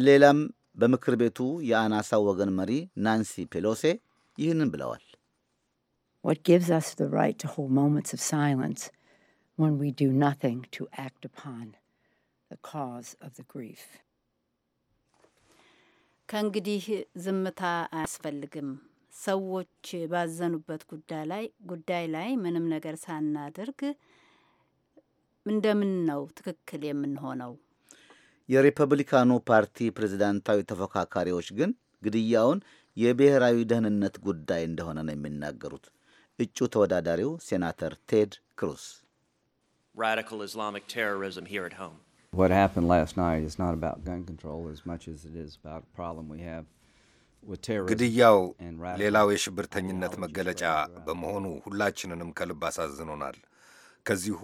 ሌላም በምክር ቤቱ የአናሳው ወገን መሪ ናንሲ ፔሎሴ ይህንን ብለዋል። ከእንግዲህ ዝምታ አያስፈልግም። ሰዎች ባዘኑበት ጉዳይ ላይ ጉዳይ ላይ ምንም ነገር ሳናደርግ እንደምን ነው ትክክል የምንሆነው? የሪፐብሊካኑ ፓርቲ ፕሬዝዳንታዊ ተፎካካሪዎች ግን ግድያውን የብሔራዊ ደህንነት ጉዳይ እንደሆነ ነው የሚናገሩት። እጩ ተወዳዳሪው ሴናተር ቴድ ክሩስ ግድያው ሌላው የሽብርተኝነት መገለጫ በመሆኑ ሁላችንንም ከልብ አሳዝኖናል። ከዚሁ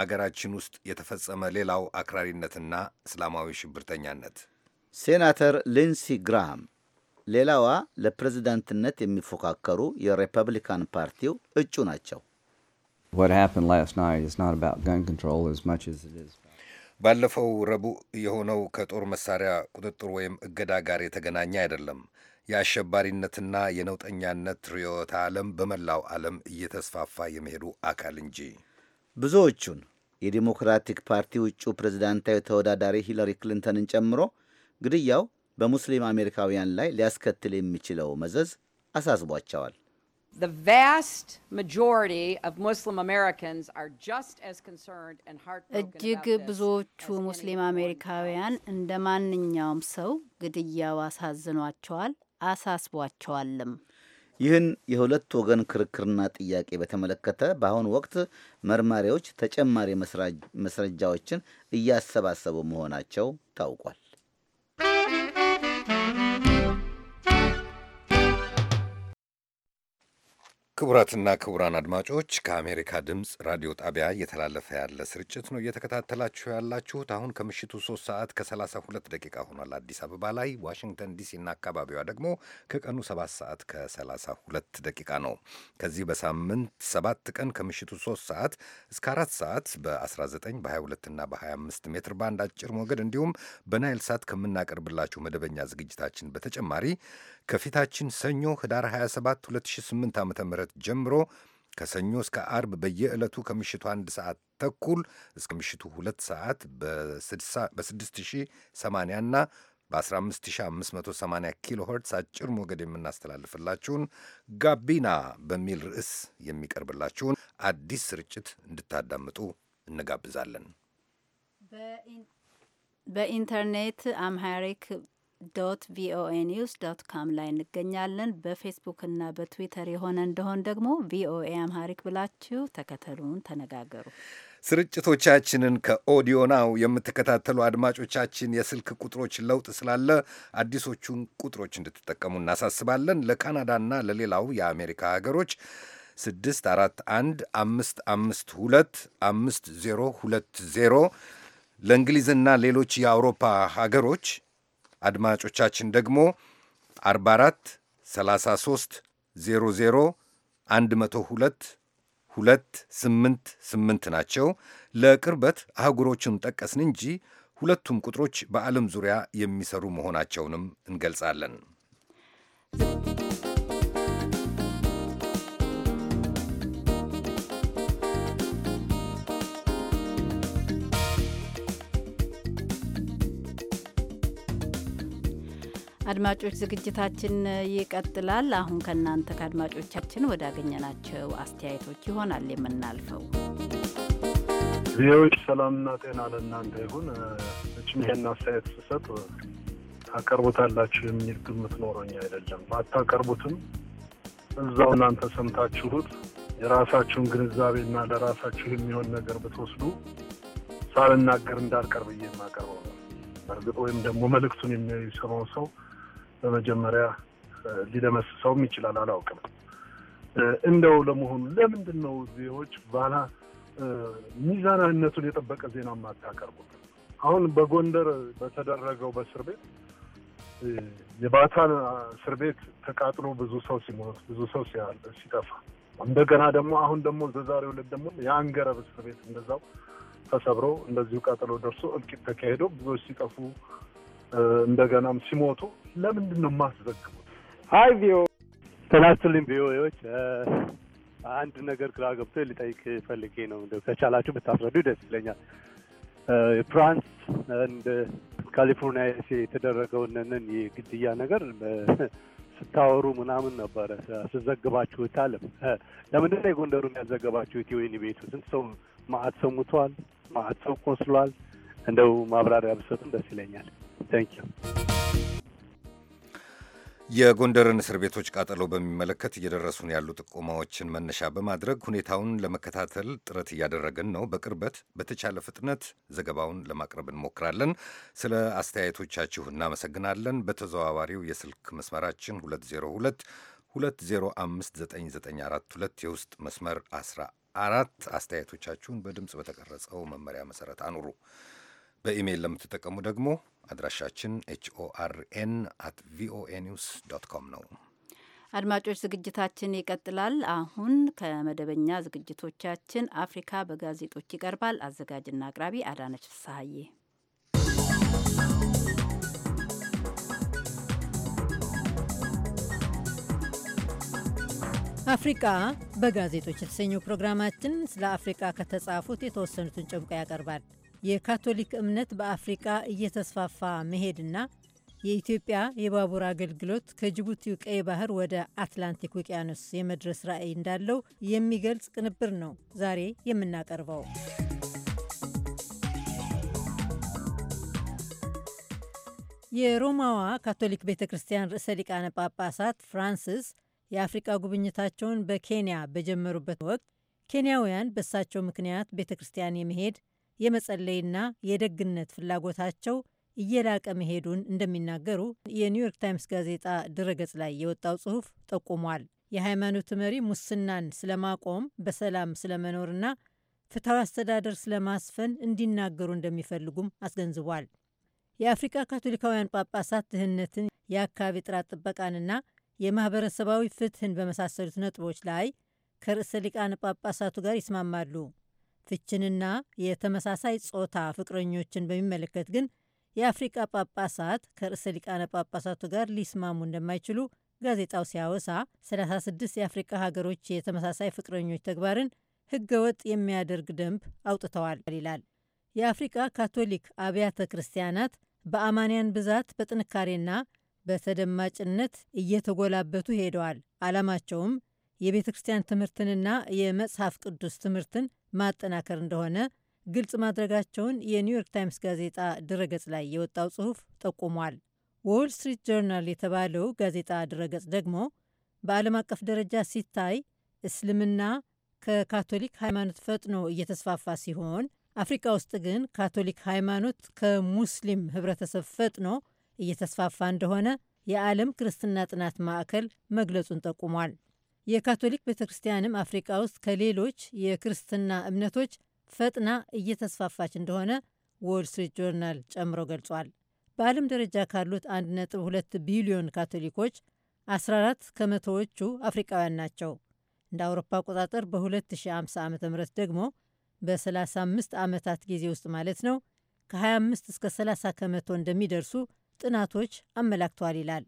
አገራችን ውስጥ የተፈጸመ ሌላው አክራሪነትና እስላማዊ ሽብርተኛነት። ሴናተር ሊንሲ ግራም ሌላዋ ለፕሬዝዳንትነት የሚፎካከሩ የሪፐብሊካን ፓርቲው እጩ ናቸው። ባለፈው ረቡዕ የሆነው ከጦር መሳሪያ ቁጥጥር ወይም እገዳ ጋር የተገናኘ አይደለም። የአሸባሪነትና የነውጠኛነት ርዕዮተ ዓለም በመላው ዓለም እየተስፋፋ የመሄዱ አካል እንጂ ብዙዎቹን የዲሞክራቲክ ፓርቲ ውጩ ፕሬዝዳንታዊ ተወዳዳሪ ሂለሪ ክሊንተንን ጨምሮ ግድያው በሙስሊም አሜሪካውያን ላይ ሊያስከትል የሚችለው መዘዝ አሳስቧቸዋል። እጅግ ብዙዎቹ ሙስሊም አሜሪካውያን እንደ ማንኛውም ሰው ግድያው አሳዝኗቸዋል፣ አሳስቧቸዋልም። ይህን የሁለት ወገን ክርክርና ጥያቄ በተመለከተ በአሁኑ ወቅት መርማሪዎች ተጨማሪ መስረጃዎችን እያሰባሰቡ መሆናቸው ታውቋል። ክቡራትና ክቡራን አድማጮች ከአሜሪካ ድምፅ ራዲዮ ጣቢያ እየተላለፈ ያለ ስርጭት ነው እየተከታተላችሁ ያላችሁት። አሁን ከምሽቱ 3 ሰዓት ከ32 ደቂቃ ሆኗል አዲስ አበባ ላይ። ዋሽንግተን እና አካባቢዋ ደግሞ ከቀኑ 7 ሰዓት ከ32 ደቂቃ ነው። ከዚህ በሳምንት 7 ቀን ከምሽቱ 3 ሰዓት እስከ 4 ሰዓት በ19 በ22ና በ25 ሜትር ባንድ አጭር ሞገድ እንዲሁም በናይል ሳት ከምናቀርብላችሁ መደበኛ ዝግጅታችን በተጨማሪ ከፊታችን ሰኞ ህዳር 27 2008 ዓ ም ጀምሮ ከሰኞ እስከ አርብ በየዕለቱ ከምሽቱ አንድ ሰዓት ተኩል እስከ ምሽቱ ሁለት ሰዓት በ6080 እና በ15580 ኪሎ ሄርትስ አጭር ሞገድ የምናስተላልፍላችሁን ጋቢና በሚል ርዕስ የሚቀርብላችሁን አዲስ ስርጭት እንድታዳምጡ እንጋብዛለን። በኢንተርኔት አምሃሪክ ዶት ቪኦኤ ኒውስ ዶት ካም ላይ እንገኛለን። በፌስቡክ እና በትዊተር የሆነ እንደሆን ደግሞ ቪኦኤ አምሃሪክ ብላችሁ ተከተሉን፣ ተነጋገሩ። ስርጭቶቻችንን ከኦዲዮ ናው የምትከታተሉ አድማጮቻችን የስልክ ቁጥሮች ለውጥ ስላለ አዲሶቹን ቁጥሮች እንድትጠቀሙ እናሳስባለን። ለካናዳና ለሌላው የአሜሪካ ሀገሮች 641 552 5020 ለእንግሊዝና ሌሎች የአውሮፓ ሀገሮች አድማጮቻችን ደግሞ 44 33 00 102 ሁለት ስምንት ስምንት ናቸው። ለቅርበት አህጉሮቹን ጠቀስን እንጂ ሁለቱም ቁጥሮች በዓለም ዙሪያ የሚሰሩ መሆናቸውንም እንገልጻለን። አድማጮች ዝግጅታችን ይቀጥላል። አሁን ከእናንተ ከአድማጮቻችን ወዳገኘናቸው አስተያየቶች ይሆናል የምናልፈው። ዜዎች ሰላምና ጤና ለእናንተ ይሁን። እችም ይሄን አስተያየት ስሰጥ ታቀርቡታላችሁ የሚል ግምት ኖሮኝ አይደለም። አታቀርቡትም፣ እዛው እናንተ ሰምታችሁት የራሳችሁን ግንዛቤና ለራሳችሁ የሚሆን ነገር ብትወስዱ ሳልናገር እንዳልቀርብዬ ብዬ የማቀርበው ነው። እርግጥ ወይም ደግሞ መልእክቱን የሚሰማው ሰው በመጀመሪያ ሊደመስሰውም ይችላል። አላውቅም። እንደው ለመሆኑ ለምንድን ነው ዜዎች ባላ ሚዛናዊነቱን የጠበቀ ዜና የማታቀርቡት? አሁን በጎንደር በተደረገው በእስር ቤት የባታን እስር ቤት ተቃጥሎ ብዙ ሰው ሲሞት ብዙ ሰው ሲጠፋ እንደገና ደግሞ አሁን ደግሞ ዘዛሬው ዕለት ደግሞ የአንገረብ እስር ቤት እንደዛው ተሰብሮ እንደዚሁ ቃጠሎ ደርሶ እልቂት ተካሄዶ ብዙዎች ሲጠፉ እንደገናም ሲሞቱ ለምንድን ነው የማትዘግቡት? ሀይ ቪዮ ተናስልኝ ቪዮዎች አንድ ነገር ግራ ገብቶ ሊጠይቅ ፈልጌ ነው። እንደው ከቻላችሁ ብታስረዱ ደስ ይለኛል። ፍራንስ እንደ ካሊፎርኒያ የተደረገውንን የግድያ ነገር ስታወሩ ምናምን ነበረ ስዘግባችሁት አለም። ለምንድን ነው የጎንደሩ ያዘገባችሁት? ወይን ቤቱ ስንት ሰው ማአት ሰው ሙቷል፣ ማአት ሰው ቆስሏል። እንደው ማብራሪያ ብሰቱም ደስ ይለኛል። ዩ። የጎንደርን እስር ቤቶች ቃጠሎ በሚመለከት እየደረሱን ያሉ ጥቆማዎችን መነሻ በማድረግ ሁኔታውን ለመከታተል ጥረት እያደረግን ነው። በቅርበት በተቻለ ፍጥነት ዘገባውን ለማቅረብ እንሞክራለን። ስለ አስተያየቶቻችሁ እናመሰግናለን። በተዘዋዋሪው የስልክ መስመራችን 202 2059942 የውስጥ መስመር 14 አስተያየቶቻችሁን በድምፅ በተቀረጸው መመሪያ መሰረት አኑሩ። በኢሜይል ለምትጠቀሙ ደግሞ አድራሻችን ኤችኦአርኤን አት ቪኦኤ ኒውስ ዶት ኮም ነው። አድማጮች ዝግጅታችን ይቀጥላል። አሁን ከመደበኛ ዝግጅቶቻችን አፍሪካ በጋዜጦች ይቀርባል። አዘጋጅና አቅራቢ አዳነች ፍስሀዬ። አፍሪቃ በጋዜጦች የተሰኘው ፕሮግራማችን ስለ አፍሪቃ ከተጻፉት የተወሰኑትን ጨምቆ ያቀርባል። የካቶሊክ እምነት በአፍሪቃ እየተስፋፋ መሄድና የኢትዮጵያ የባቡር አገልግሎት ከጅቡቲው ቀይ ባህር ወደ አትላንቲክ ውቅያኖስ የመድረስ ራዕይ እንዳለው የሚገልጽ ቅንብር ነው ዛሬ የምናቀርበው። የሮማዋ ካቶሊክ ቤተ ክርስቲያን ርዕሰ ሊቃነ ጳጳሳት ፍራንሲስ የአፍሪቃ ጉብኝታቸውን በኬንያ በጀመሩበት ወቅት ኬንያውያን በሳቸው ምክንያት ቤተ ክርስቲያን የመሄድ የመጸለይና የደግነት ፍላጎታቸው እየላቀ መሄዱን እንደሚናገሩ የኒውዮርክ ታይምስ ጋዜጣ ድረገጽ ላይ የወጣው ጽሑፍ ጠቁሟል። የሃይማኖት መሪ ሙስናን ስለማቆም፣ በሰላም ስለመኖርና ፍትሐዊ አስተዳደር ስለማስፈን እንዲናገሩ እንደሚፈልጉም አስገንዝቧል። የአፍሪካ ካቶሊካውያን ጳጳሳት ድህነትን፣ የአካባቢ ጥራት ጥበቃንና የማኅበረሰባዊ ፍትህን በመሳሰሉት ነጥቦች ላይ ከርዕሰ ሊቃነ ጳጳሳቱ ጋር ይስማማሉ። ፍችንና የተመሳሳይ ጾታ ፍቅረኞችን በሚመለከት ግን የአፍሪቃ ጳጳሳት ከርዕሰ ሊቃነ ጳጳሳቱ ጋር ሊስማሙ እንደማይችሉ ጋዜጣው ሲያወሳ 36 የአፍሪቃ ሀገሮች የተመሳሳይ ፍቅረኞች ተግባርን ህገወጥ የሚያደርግ ደንብ አውጥተዋል ይላል። የአፍሪቃ ካቶሊክ አብያተ ክርስቲያናት በአማንያን ብዛት በጥንካሬና በተደማጭነት እየተጎላበቱ ሄደዋል። ዓላማቸውም የቤተ ክርስቲያን ትምህርትንና የመጽሐፍ ቅዱስ ትምህርትን ማጠናከር እንደሆነ ግልጽ ማድረጋቸውን የኒውዮርክ ታይምስ ጋዜጣ ድረገጽ ላይ የወጣው ጽሑፍ ጠቁሟል። ዎል ስትሪት ጆርናል የተባለው ጋዜጣ ድረገጽ ደግሞ በዓለም አቀፍ ደረጃ ሲታይ እስልምና ከካቶሊክ ሃይማኖት ፈጥኖ እየተስፋፋ ሲሆን አፍሪካ ውስጥ ግን ካቶሊክ ሃይማኖት ከሙስሊም ህብረተሰብ ፈጥኖ እየተስፋፋ እንደሆነ የዓለም ክርስትና ጥናት ማዕከል መግለጹን ጠቁሟል። የካቶሊክ ቤተ ክርስቲያንም አፍሪቃ ውስጥ ከሌሎች የክርስትና እምነቶች ፈጥና እየተስፋፋች እንደሆነ ዎል ስትሪት ጆርናል ጨምሮ ገልጿል። በዓለም ደረጃ ካሉት 1.2 ቢሊዮን ካቶሊኮች 14 ከመቶዎቹ አፍሪቃውያን ናቸው። እንደ አውሮፓ አቆጣጠር በ2050 ዓ ም ደግሞ በ35 ዓመታት ጊዜ ውስጥ ማለት ነው ከ25 እስከ 30 ከመቶ እንደሚደርሱ ጥናቶች አመላክተዋል ይላል።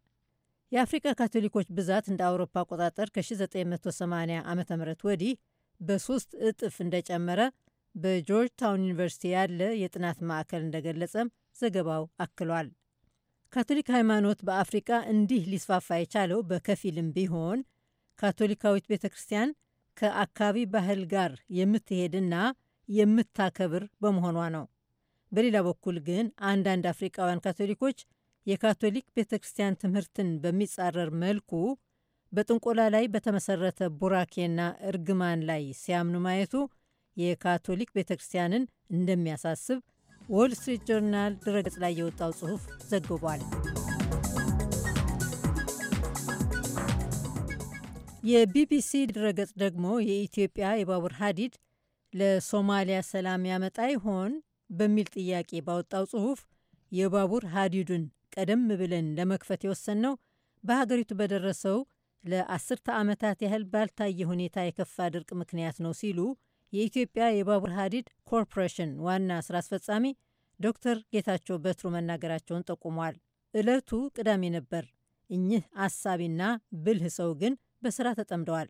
የአፍሪካ ካቶሊኮች ብዛት እንደ አውሮፓ አቆጣጠር ከ1980 ዓ ም ወዲህ በሶስት እጥፍ እንደጨመረ በጆርጅ ታውን ዩኒቨርሲቲ ያለ የጥናት ማዕከል እንደገለጸም ዘገባው አክሏል። ካቶሊክ ሃይማኖት በአፍሪቃ እንዲህ ሊስፋፋ የቻለው በከፊልም ቢሆን ካቶሊካዊት ቤተ ክርስቲያን ከአካባቢ ባህል ጋር የምትሄድና የምታከብር በመሆኗ ነው። በሌላ በኩል ግን አንዳንድ አፍሪቃውያን ካቶሊኮች የካቶሊክ ቤተ ክርስቲያን ትምህርትን በሚጻረር መልኩ በጥንቆላ ላይ በተመሰረተ ቡራኬና እርግማን ላይ ሲያምኑ ማየቱ የካቶሊክ ቤተ ክርስቲያንን እንደሚያሳስብ ዎል ስትሪት ጆርናል ድረገጽ ላይ የወጣው ጽሑፍ ዘግቧል። የቢቢሲ ድረገጽ ደግሞ የኢትዮጵያ የባቡር ሀዲድ ለሶማሊያ ሰላም ያመጣ ይሆን በሚል ጥያቄ ባወጣው ጽሑፍ የባቡር ሀዲዱን ቀደም ብለን ለመክፈት የወሰንነው በሀገሪቱ በደረሰው ለአስርተ ዓመታት ያህል ባልታየ ሁኔታ የከፋ ድርቅ ምክንያት ነው ሲሉ የኢትዮጵያ የባቡር ሀዲድ ኮርፖሬሽን ዋና ስራ አስፈጻሚ ዶክተር ጌታቸው በትሩ መናገራቸውን ጠቁሟል። እለቱ ቅዳሜ ነበር። እኚህ አሳቢና ብልህ ሰው ግን በስራ ተጠምደዋል።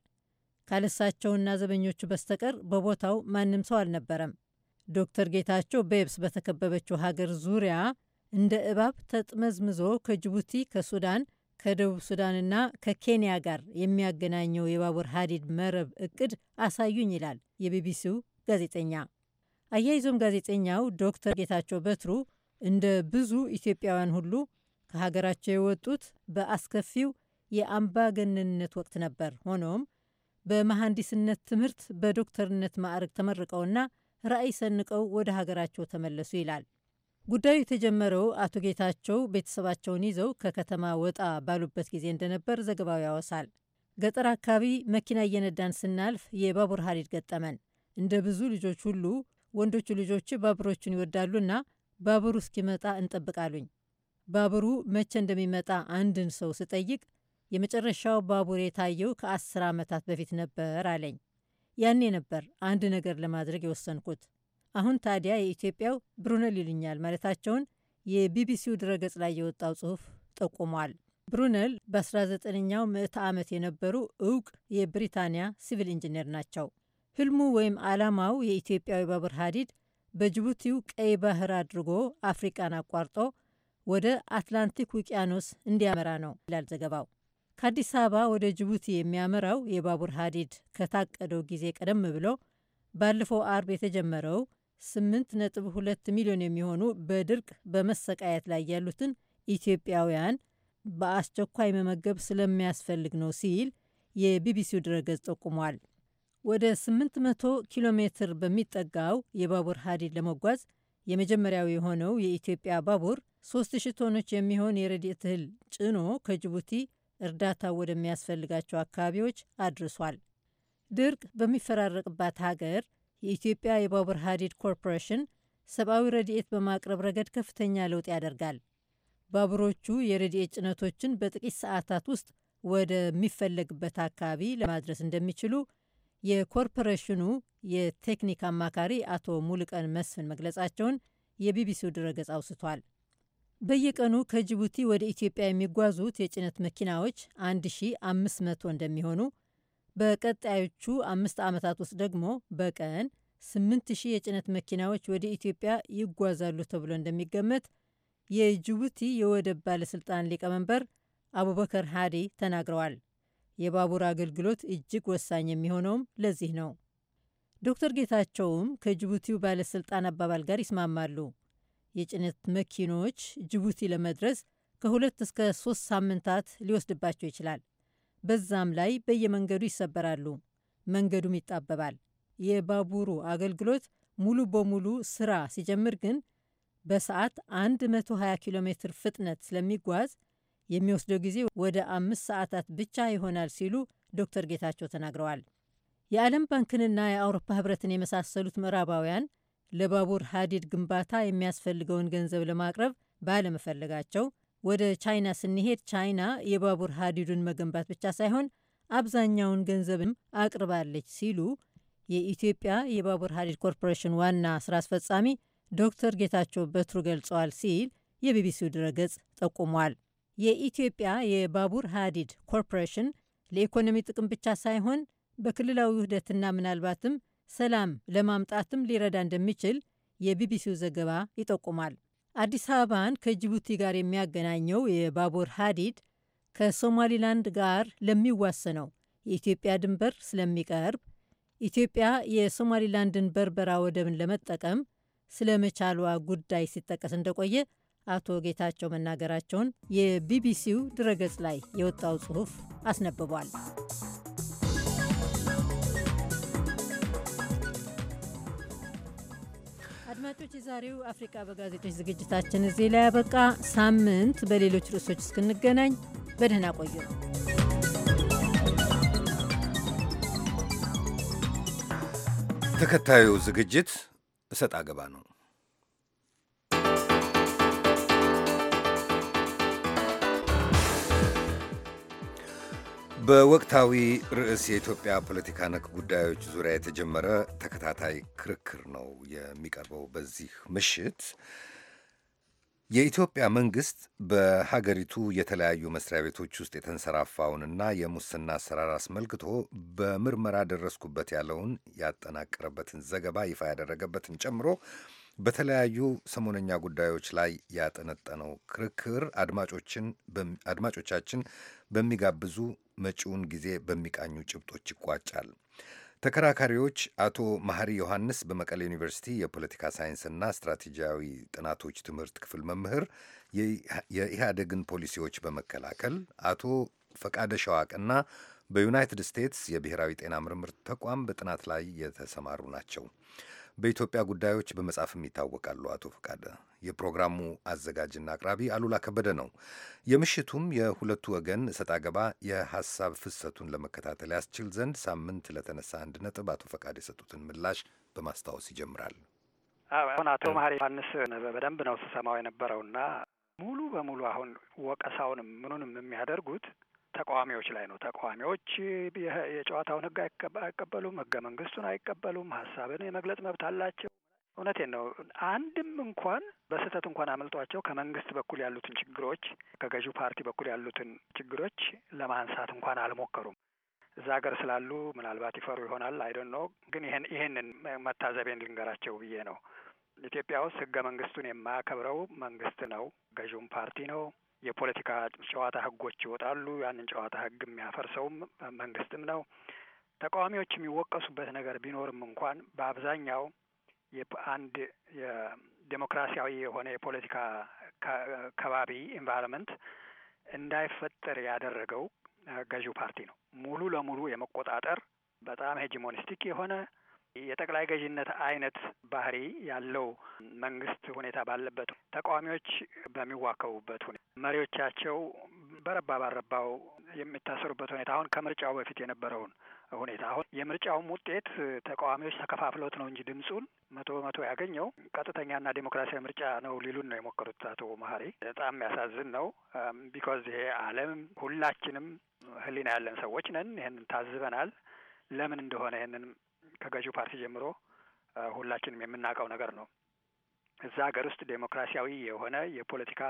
ካለሳቸውና ዘበኞቹ በስተቀር በቦታው ማንም ሰው አልነበረም። ዶክተር ጌታቸው በየብስ በተከበበችው ሀገር ዙሪያ እንደ እባብ ተጥመዝምዞ ከጅቡቲ፣ ከሱዳን፣ ከደቡብ ሱዳንና ከኬንያ ጋር የሚያገናኘው የባቡር ሀዲድ መረብ እቅድ አሳዩኝ ይላል የቢቢሲው ጋዜጠኛ። አያይዞም ጋዜጠኛው ዶክተር ጌታቸው በትሩ እንደ ብዙ ኢትዮጵያውያን ሁሉ ከሀገራቸው የወጡት በአስከፊው የአምባገነንነት ወቅት ነበር። ሆኖም በመሐንዲስነት ትምህርት በዶክተርነት ማዕረግ ተመርቀውና ራዕይ ሰንቀው ወደ ሀገራቸው ተመለሱ ይላል። ጉዳዩ የተጀመረው አቶ ጌታቸው ቤተሰባቸውን ይዘው ከከተማ ወጣ ባሉበት ጊዜ እንደነበር ዘገባው ያወሳል። ገጠር አካባቢ መኪና እየነዳን ስናልፍ የባቡር ሀዲድ ገጠመን። እንደ ብዙ ልጆች ሁሉ ወንዶቹ ልጆች ባቡሮቹን ይወዳሉና ባቡሩ እስኪመጣ እንጠብቃሉኝ። ባቡሩ መቼ እንደሚመጣ አንድን ሰው ስጠይቅ የመጨረሻው ባቡር የታየው ከአስር ዓመታት በፊት ነበር አለኝ። ያኔ ነበር አንድ ነገር ለማድረግ የወሰንኩት። አሁን ታዲያ የኢትዮጵያው ብሩነል ይሉኛል ማለታቸውን የቢቢሲው ድረገጽ ላይ የወጣው ጽሑፍ ጠቁሟል። ብሩነል በ19ኛው ምዕተ ዓመት የነበሩ እውቅ የብሪታንያ ሲቪል ኢንጂነር ናቸው። ህልሙ ወይም ዓላማው የኢትዮጵያዊ ባቡር ሀዲድ በጅቡቲው ቀይ ባህር አድርጎ አፍሪቃን አቋርጦ ወደ አትላንቲክ ውቅያኖስ እንዲያመራ ነው ይላል ዘገባው። ከአዲስ አበባ ወደ ጅቡቲ የሚያመራው የባቡር ሀዲድ ከታቀደው ጊዜ ቀደም ብሎ ባለፈው አርብ የተጀመረው 8.2 ሚሊዮን የሚሆኑ በድርቅ በመሰቃየት ላይ ያሉትን ኢትዮጵያውያን በአስቸኳይ መመገብ ስለሚያስፈልግ ነው ሲል የቢቢሲው ድረገጽ ጠቁሟል። ወደ 800 ኪሎ ሜትር በሚጠጋው የባቡር ሀዲድ ለመጓዝ የመጀመሪያው የሆነው የኢትዮጵያ ባቡር 3000 ቶኖች የሚሆን የረድኤት እህል ጭኖ ከጅቡቲ እርዳታ ወደሚያስፈልጋቸው አካባቢዎች አድርሷል። ድርቅ በሚፈራረቅባት ሀገር የኢትዮጵያ የባቡር ሀዲድ ኮርፖሬሽን ሰብአዊ ረድኤት በማቅረብ ረገድ ከፍተኛ ለውጥ ያደርጋል። ባቡሮቹ የረድኤት ጭነቶችን በጥቂት ሰዓታት ውስጥ ወደሚፈለግበት አካባቢ ለማድረስ እንደሚችሉ የኮርፖሬሽኑ የቴክኒክ አማካሪ አቶ ሙልቀን መስፍን መግለጻቸውን የቢቢሲው ድረገጽ አውስቷል። በየቀኑ ከጅቡቲ ወደ ኢትዮጵያ የሚጓዙት የጭነት መኪናዎች 1500 እንደሚሆኑ በቀጣዮቹ አምስት ዓመታት ውስጥ ደግሞ በቀን 8000 የጭነት መኪናዎች ወደ ኢትዮጵያ ይጓዛሉ ተብሎ እንደሚገመት የጅቡቲ የወደብ ባለሥልጣን ሊቀመንበር አቡበከር ሃዲ ተናግረዋል። የባቡር አገልግሎት እጅግ ወሳኝ የሚሆነውም ለዚህ ነው። ዶክተር ጌታቸውም ከጅቡቲው ባለሥልጣን አባባል ጋር ይስማማሉ። የጭነት መኪኖች ጅቡቲ ለመድረስ ከሁለት እስከ ሶስት ሳምንታት ሊወስድባቸው ይችላል። በዛም ላይ በየመንገዱ ይሰበራሉ፣ መንገዱም ይጣበባል። የባቡሩ አገልግሎት ሙሉ በሙሉ ስራ ሲጀምር ግን በሰዓት 120 ኪሎ ሜትር ፍጥነት ስለሚጓዝ የሚወስደው ጊዜ ወደ አምስት ሰዓታት ብቻ ይሆናል ሲሉ ዶክተር ጌታቸው ተናግረዋል። የዓለም ባንክንና የአውሮፓ ህብረትን የመሳሰሉት ምዕራባውያን ለባቡር ሀዲድ ግንባታ የሚያስፈልገውን ገንዘብ ለማቅረብ ባለመፈለጋቸው ወደ ቻይና ስንሄድ ቻይና የባቡር ሀዲዱን መገንባት ብቻ ሳይሆን አብዛኛውን ገንዘብም አቅርባለች ሲሉ የኢትዮጵያ የባቡር ሀዲድ ኮርፖሬሽን ዋና ስራ አስፈጻሚ ዶክተር ጌታቸው በትሩ ገልጸዋል ሲል የቢቢሲው ድረገጽ ጠቁሟል። የኢትዮጵያ የባቡር ሀዲድ ኮርፖሬሽን ለኢኮኖሚ ጥቅም ብቻ ሳይሆን በክልላዊ ውህደትና ምናልባትም ሰላም ለማምጣትም ሊረዳ እንደሚችል የቢቢሲው ዘገባ ይጠቁማል። አዲስ አበባን ከጅቡቲ ጋር የሚያገናኘው የባቡር ሀዲድ ከሶማሊላንድ ጋር ለሚዋሰነው የኢትዮጵያ ድንበር ስለሚቀርብ ኢትዮጵያ የሶማሊላንድን በርበራ ወደብን ለመጠቀም ስለመቻሏ ጉዳይ ሲጠቀስ እንደቆየ አቶ ጌታቸው መናገራቸውን የቢቢሲው ድረገጽ ላይ የወጣው ጽሑፍ አስነብቧል። አድማጮች፣ የዛሬው አፍሪካ በጋዜጦች ዝግጅታችን እዚህ ላይ ያበቃ። ሳምንት በሌሎች ርዕሶች እስክንገናኝ በደህና ቆዩ። ተከታዩ ዝግጅት እሰጥ አገባ ነው። በወቅታዊ ርዕስ የኢትዮጵያ ፖለቲካ ነክ ጉዳዮች ዙሪያ የተጀመረ ተከታታይ ክርክር ነው የሚቀርበው በዚህ ምሽት። የኢትዮጵያ መንግስት በሀገሪቱ የተለያዩ መስሪያ ቤቶች ውስጥ የተንሰራፋውንና የሙስና አሰራር አስመልክቶ በምርመራ ደረስኩበት ያለውን ያጠናቀረበትን ዘገባ ይፋ ያደረገበትን ጨምሮ በተለያዩ ሰሞነኛ ጉዳዮች ላይ ያጠነጠነው ክርክር አድማጮቻችን በሚጋብዙ መጪውን ጊዜ በሚቃኙ ጭብጦች ይቋጫል። ተከራካሪዎች አቶ መሐሪ ዮሐንስ በመቀሌ ዩኒቨርሲቲ የፖለቲካ ሳይንስና ስትራቴጂያዊ ጥናቶች ትምህርት ክፍል መምህር፣ የኢህአደግን ፖሊሲዎች በመከላከል አቶ ፈቃደ ሸዋቅና በዩናይትድ ስቴትስ የብሔራዊ ጤና ምርምር ተቋም በጥናት ላይ የተሰማሩ ናቸው። በኢትዮጵያ ጉዳዮች በመጻፍም ይታወቃሉ። አቶ ፈቃደ የፕሮግራሙ አዘጋጅና አቅራቢ አሉላ ከበደ ነው። የምሽቱም የሁለቱ ወገን እሰጥ አገባ የሐሳብ ፍሰቱን ለመከታተል ያስችል ዘንድ ሳምንት ለተነሳ አንድ ነጥብ አቶ ፈቃድ የሰጡትን ምላሽ በማስታወስ ይጀምራል። አሁን አቶ መሀሪ ዮሐንስ በደንብ ነው ስሰማው የነበረውና ሙሉ በሙሉ አሁን ወቀሳውንም ምኑንም የሚያደርጉት ተቃዋሚዎች ላይ ነው። ተቃዋሚዎች የጨዋታውን ህግ አይቀበሉም፣ ህገ መንግስቱን አይቀበሉም፣ ሀሳብን የመግለጽ መብት አላቸው። እውነቴን ነው። አንድም እንኳን በስህተት እንኳን አመልጧቸው ከመንግስት በኩል ያሉትን ችግሮች ከገዢው ፓርቲ በኩል ያሉትን ችግሮች ለማንሳት እንኳን አልሞከሩም። እዛ ሀገር ስላሉ ምናልባት ይፈሩ ይሆናል። አይደን ነው ግን ይህን ይህንን መታዘቤን ልንገራቸው ብዬ ነው። ኢትዮጵያ ውስጥ ህገ መንግስቱን የማያከብረው መንግስት ነው፣ ገዢውም ፓርቲ ነው። የፖለቲካ ጨዋታ ህጎች ይወጣሉ። ያንን ጨዋታ ህግ የሚያፈርሰውም መንግስትም ነው። ተቃዋሚዎች የሚወቀሱበት ነገር ቢኖርም እንኳን በአብዛኛው አንድ የዴሞክራሲያዊ የሆነ የፖለቲካ ከባቢ ኤንቫይሮንመንት እንዳይፈጠር ያደረገው ገዢው ፓርቲ ነው። ሙሉ ለሙሉ የመቆጣጠር በጣም ሄጂሞኒስቲክ የሆነ የጠቅላይ ገዥነት አይነት ባህሪ ያለው መንግስት ሁኔታ ባለበት ተቃዋሚዎች በሚዋከቡበት ሁኔታ መሪዎቻቸው በረባ ባረባው የሚታሰሩበት ሁኔታ አሁን ከምርጫው በፊት የነበረውን ሁኔታ አሁን የምርጫውም ውጤት ተቃዋሚዎች ተከፋፍለውት ነው እንጂ ድምፁን መቶ በመቶ ያገኘው ቀጥተኛና ዴሞክራሲያዊ ምርጫ ነው ሊሉን ነው የሞከሩት አቶ መሀሪ። በጣም የሚያሳዝን ነው። ቢኮዝ ይሄ ዓለም ሁላችንም ህሊና ያለን ሰዎች ነን። ይህንን ታዝበናል። ለምን እንደሆነ ይህንን ከገዢው ፓርቲ ጀምሮ ሁላችንም የምናውቀው ነገር ነው። እዛ ሀገር ውስጥ ዴሞክራሲያዊ የሆነ የፖለቲካ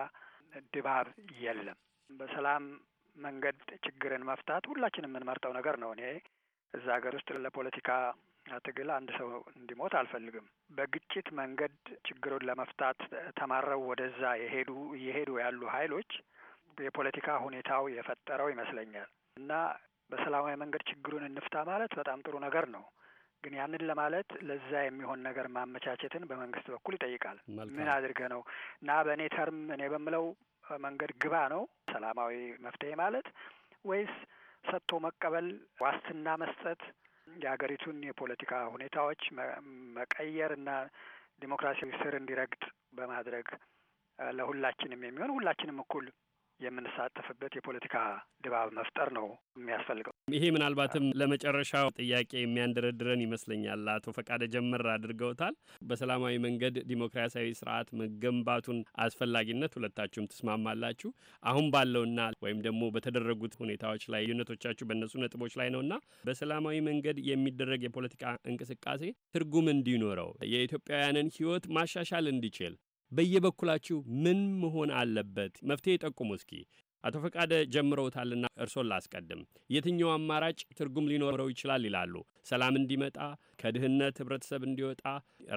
ድባብ የለም። በሰላም መንገድ ችግርን መፍታት ሁላችን የምንመርጠው ነገር ነው። እኔ እዛ ሀገር ውስጥ ለፖለቲካ ትግል አንድ ሰው እንዲሞት አልፈልግም። በግጭት መንገድ ችግሩን ለመፍታት ተማረው ወደዛ የሄዱ እየሄዱ ያሉ ሀይሎች የፖለቲካ ሁኔታው የፈጠረው ይመስለኛል እና በሰላማዊ መንገድ ችግሩን እንፍታ ማለት በጣም ጥሩ ነገር ነው። ግን ያንን ለማለት ለዛ የሚሆን ነገር ማመቻቸትን በመንግስት በኩል ይጠይቃል። ምን አድርገ ነው እና በእኔ ተርም እኔ በምለው መንገድ ግባ ነው ሰላማዊ መፍትሄ ማለት ወይስ ሰጥቶ መቀበል፣ ዋስትና መስጠት፣ የሀገሪቱን የፖለቲካ ሁኔታዎች መቀየርና ዲሞክራሲያዊ ስር እንዲረግጥ በማድረግ ለሁላችንም የሚሆን ሁላችንም እኩል የምንሳተፍበት የፖለቲካ ድባብ መፍጠር ነው የሚያስፈልገው። ይሄ ምናልባትም ለመጨረሻው ጥያቄ የሚያንደረድረን ይመስለኛል። አቶ ፈቃደ ጀመር አድርገውታል። በሰላማዊ መንገድ ዲሞክራሲያዊ ስርዓት መገንባቱን አስፈላጊነት ሁለታችሁም ትስማማላችሁ። አሁን ባለውና ወይም ደግሞ በተደረጉት ሁኔታዎች ላይ ልዩነቶቻችሁ በእነሱ ነጥቦች ላይ ነውና በሰላማዊ መንገድ የሚደረግ የፖለቲካ እንቅስቃሴ ትርጉም እንዲኖረው የኢትዮጵያውያንን ሕይወት ማሻሻል እንዲችል በየበኩላችሁ ምን መሆን አለበት? መፍትሄ ጠቁሙ እስኪ። አቶ ፈቃደ ጀምረውታልና እርሶን ላስቀድም። የትኛው አማራጭ ትርጉም ሊኖረው ይችላል ይላሉ? ሰላም እንዲመጣ፣ ከድህነት ህብረተሰብ እንዲወጣ፣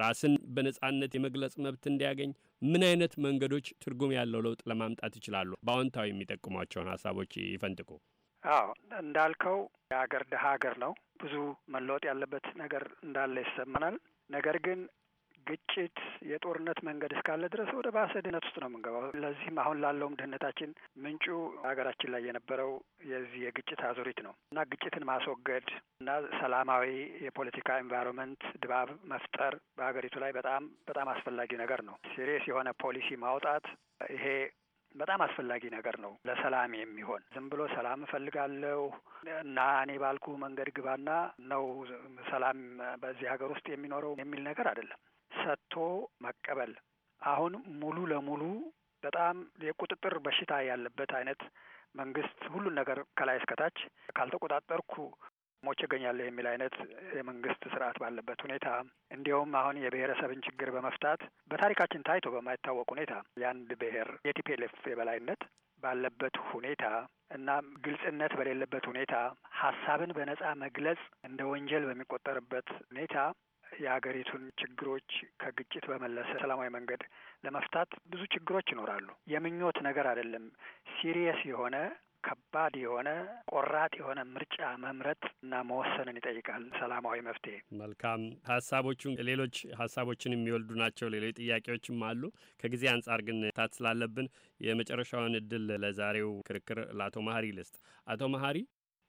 ራስን በነጻነት የመግለጽ መብት እንዲያገኝ ምን አይነት መንገዶች ትርጉም ያለው ለውጥ ለማምጣት ይችላሉ? በአዎንታዊ የሚጠቁሟቸውን ሀሳቦች ይፈንጥቁ። አዎ እንዳልከው የሀገር ድሀ ሀገር ነው። ብዙ መለወጥ ያለበት ነገር እንዳለ ይሰማናል። ነገር ግን ግጭት፣ የጦርነት መንገድ እስካለ ድረስ ወደ ባሰ ድህነት ውስጥ ነው የምንገባው። ለዚህም አሁን ላለውም ድህነታችን ምንጩ ሀገራችን ላይ የነበረው የዚህ የግጭት አዙሪት ነው እና ግጭትን ማስወገድ እና ሰላማዊ የፖለቲካ ኤንቫይሮንመንት ድባብ መፍጠር በሀገሪቱ ላይ በጣም በጣም አስፈላጊ ነገር ነው። ሲሪየስ የሆነ ፖሊሲ ማውጣት ይሄ በጣም አስፈላጊ ነገር ነው ለሰላም የሚሆን ዝም ብሎ ሰላም እፈልጋለሁ እና እኔ ባልኩ መንገድ ግባና ነው ሰላም በዚህ ሀገር ውስጥ የሚኖረው የሚል ነገር አይደለም። ሰጥቶ መቀበል አሁን ሙሉ ለሙሉ በጣም የቁጥጥር በሽታ ያለበት አይነት መንግስት ሁሉን ነገር ከላይ እስከታች ካልተቆጣጠርኩ ሞች እገኛለሁ የሚል አይነት የመንግስት ስርዓት ባለበት ሁኔታ እንዲያውም አሁን የብሔረሰብን ችግር በመፍታት በታሪካችን ታይቶ በማይታወቅ ሁኔታ የአንድ ብሔር የቲፒኤልኤፍ የበላይነት ባለበት ሁኔታ እና ግልጽነት በሌለበት ሁኔታ ሀሳብን በነጻ መግለጽ እንደ ወንጀል በሚቆጠርበት ሁኔታ የሀገሪቱን ችግሮች ከግጭት በመለሰ ሰላማዊ መንገድ ለመፍታት ብዙ ችግሮች ይኖራሉ። የምኞት ነገር አይደለም። ሲሪየስ የሆነ ከባድ የሆነ ቆራጥ የሆነ ምርጫ መምረጥ እና መወሰንን ይጠይቃል ሰላማዊ መፍትሄ። መልካም ሀሳቦቹን ሌሎች ሀሳቦችን የሚወልዱ ናቸው። ሌሎች ጥያቄዎችም አሉ። ከጊዜ አንጻር ግን ታት ስላለብን የመጨረሻውን እድል ለዛሬው ክርክር ለአቶ መሀሪ ልስጥ። አቶ መሀሪ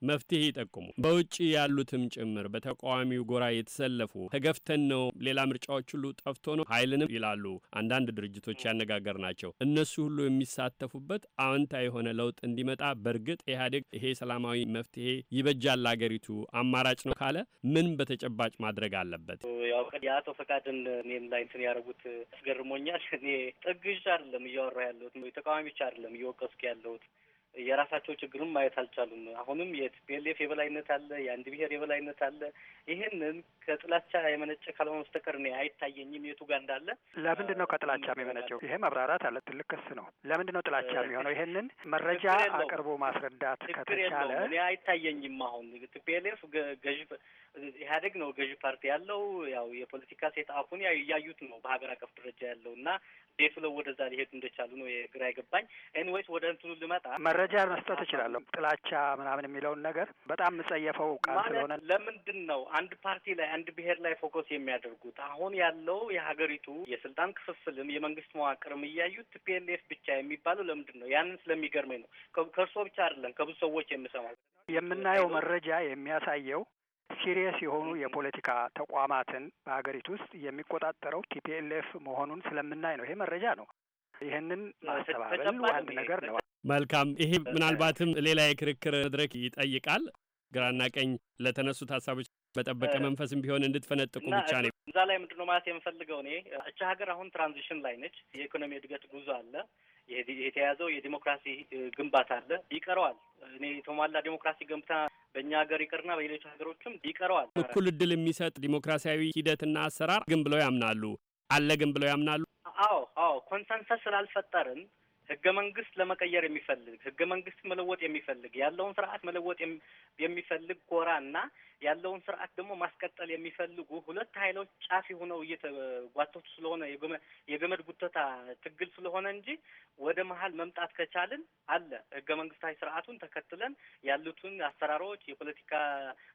መፍትሄ ይጠቁሙ። በውጭ ያሉትም ጭምር በተቃዋሚው ጎራ የተሰለፉ ተገፍተን ነው፣ ሌላ ምርጫዎች ሁሉ ጠፍቶ ነው ኃይልንም ይላሉ አንዳንድ ድርጅቶች ያነጋገር ናቸው። እነሱ ሁሉ የሚሳተፉበት አዎንታ የሆነ ለውጥ እንዲመጣ በእርግጥ ኢህአዴግ ይሄ ሰላማዊ መፍትሄ ይበጃል ለአገሪቱ አማራጭ ነው ካለ ምን በተጨባጭ ማድረግ አለበት? ያው የአቶ ፈቃድን እኔም ላይ እንትን ያደረጉት አስገርሞኛል። እኔ ጥግዥ አይደለም እያወራ ያለሁት ተቃዋሚዎች አይደለም እየወቀስኩ ያለሁት የራሳቸው ችግርም ማየት አልቻሉም። አሁንም የቲፒኤልኤፍ የበላይነት አለ፣ የአንድ ብሔር የበላይነት አለ። ይህንን ከጥላቻ የመነጨ ካልሆነ መስተቀር እኔ አይታየኝም የቱ ጋር እንዳለ። ለምንድን ነው ከጥላቻ የመነጨው? ይሄ መብራራት አለ። ትልቅ ክስ ነው። ለምንድን ነው ጥላቻ የሚሆነው? ይህንን መረጃ አቅርቦ ማስረዳት ከተቻለ እኔ አይታየኝም። አሁን ቲፒኤልኤፍ ገዥ ኢህአዴግ ነው ገዢ ፓርቲ ያለው። ያው የፖለቲካ ሴት አፉን እያዩት ነው በሀገር አቀፍ ደረጃ ያለው እና ቤት ብለው ወደዛ ሊሄዱ እንደቻሉ ነው የግራ ይገባኝ። ኤንዌይስ ወደ እንትኑ ልመጣ መረጃ መስጠት እችላለሁ። ጥላቻ ምናምን የሚለውን ነገር በጣም የምጸየፈው ቃል ስለሆነ ለምንድን ነው አንድ ፓርቲ ላይ አንድ ብሔር ላይ ፎከስ የሚያደርጉት? አሁን ያለው የሀገሪቱ የስልጣን ክፍፍልም የመንግስት መዋቅርም እያዩት ቲፒኤልኤፍ ብቻ የሚባለው ለምንድን ነው? ያንን ስለሚገርመኝ ነው። ከእርሶ ብቻ አይደለም ከብዙ ሰዎች የምሰማው የምናየው መረጃ የሚያሳየው ሲሪየስ የሆኑ የፖለቲካ ተቋማትን በሀገሪቱ ውስጥ የሚቆጣጠረው ቲፒኤልኤፍ መሆኑን ስለምናይ ነው። ይሄ መረጃ ነው። ይህንን ማስተባበል አንድ ነገር ነው። መልካም። ይሄ ምናልባትም ሌላ የክርክር መድረክ ይጠይቃል። ግራና ቀኝ ለተነሱት ሀሳቦች በጠበቀ መንፈስም ቢሆን እንድትፈነጥቁ ብቻ ነው። እዛ ላይ ምንድነው ማለት የምፈልገው እኔ እቺ ሀገር አሁን ትራንዚሽን ላይ ነች። የኢኮኖሚ እድገት ጉዞ አለ፣ የተያዘው የዲሞክራሲ ግንባታ አለ፣ ይቀረዋል። እኔ የተሟላ ዲሞክራሲ ገንብታ በእኛ ሀገር ይቅርና በሌሎች ሀገሮችም ይቀረዋል። እኩል እድል የሚሰጥ ዲሞክራሲያዊ ሂደትና አሰራር ግን ብለው ያምናሉ። አለ ግን ብለው ያምናሉ። አዎ አዎ ኮንሰንሰስ ስላልፈጠርን ህገ መንግስት ለመቀየር የሚፈልግ ህገ መንግስት መለወጥ የሚፈልግ ያለውን ስርዓት መለወጥ የሚፈልግ ጎራ እና ያለውን ስርዓት ደግሞ ማስቀጠል የሚፈልጉ ሁለት ኃይሎች ጫፍ የሆነው እየተጓተቱ ስለሆነ የገመድ ጉተታ ትግል ስለሆነ እንጂ ወደ መሀል መምጣት ከቻልን አለ ህገ መንግስታዊ ስርዓቱን ተከትለን ያሉትን አሰራሮች የፖለቲካ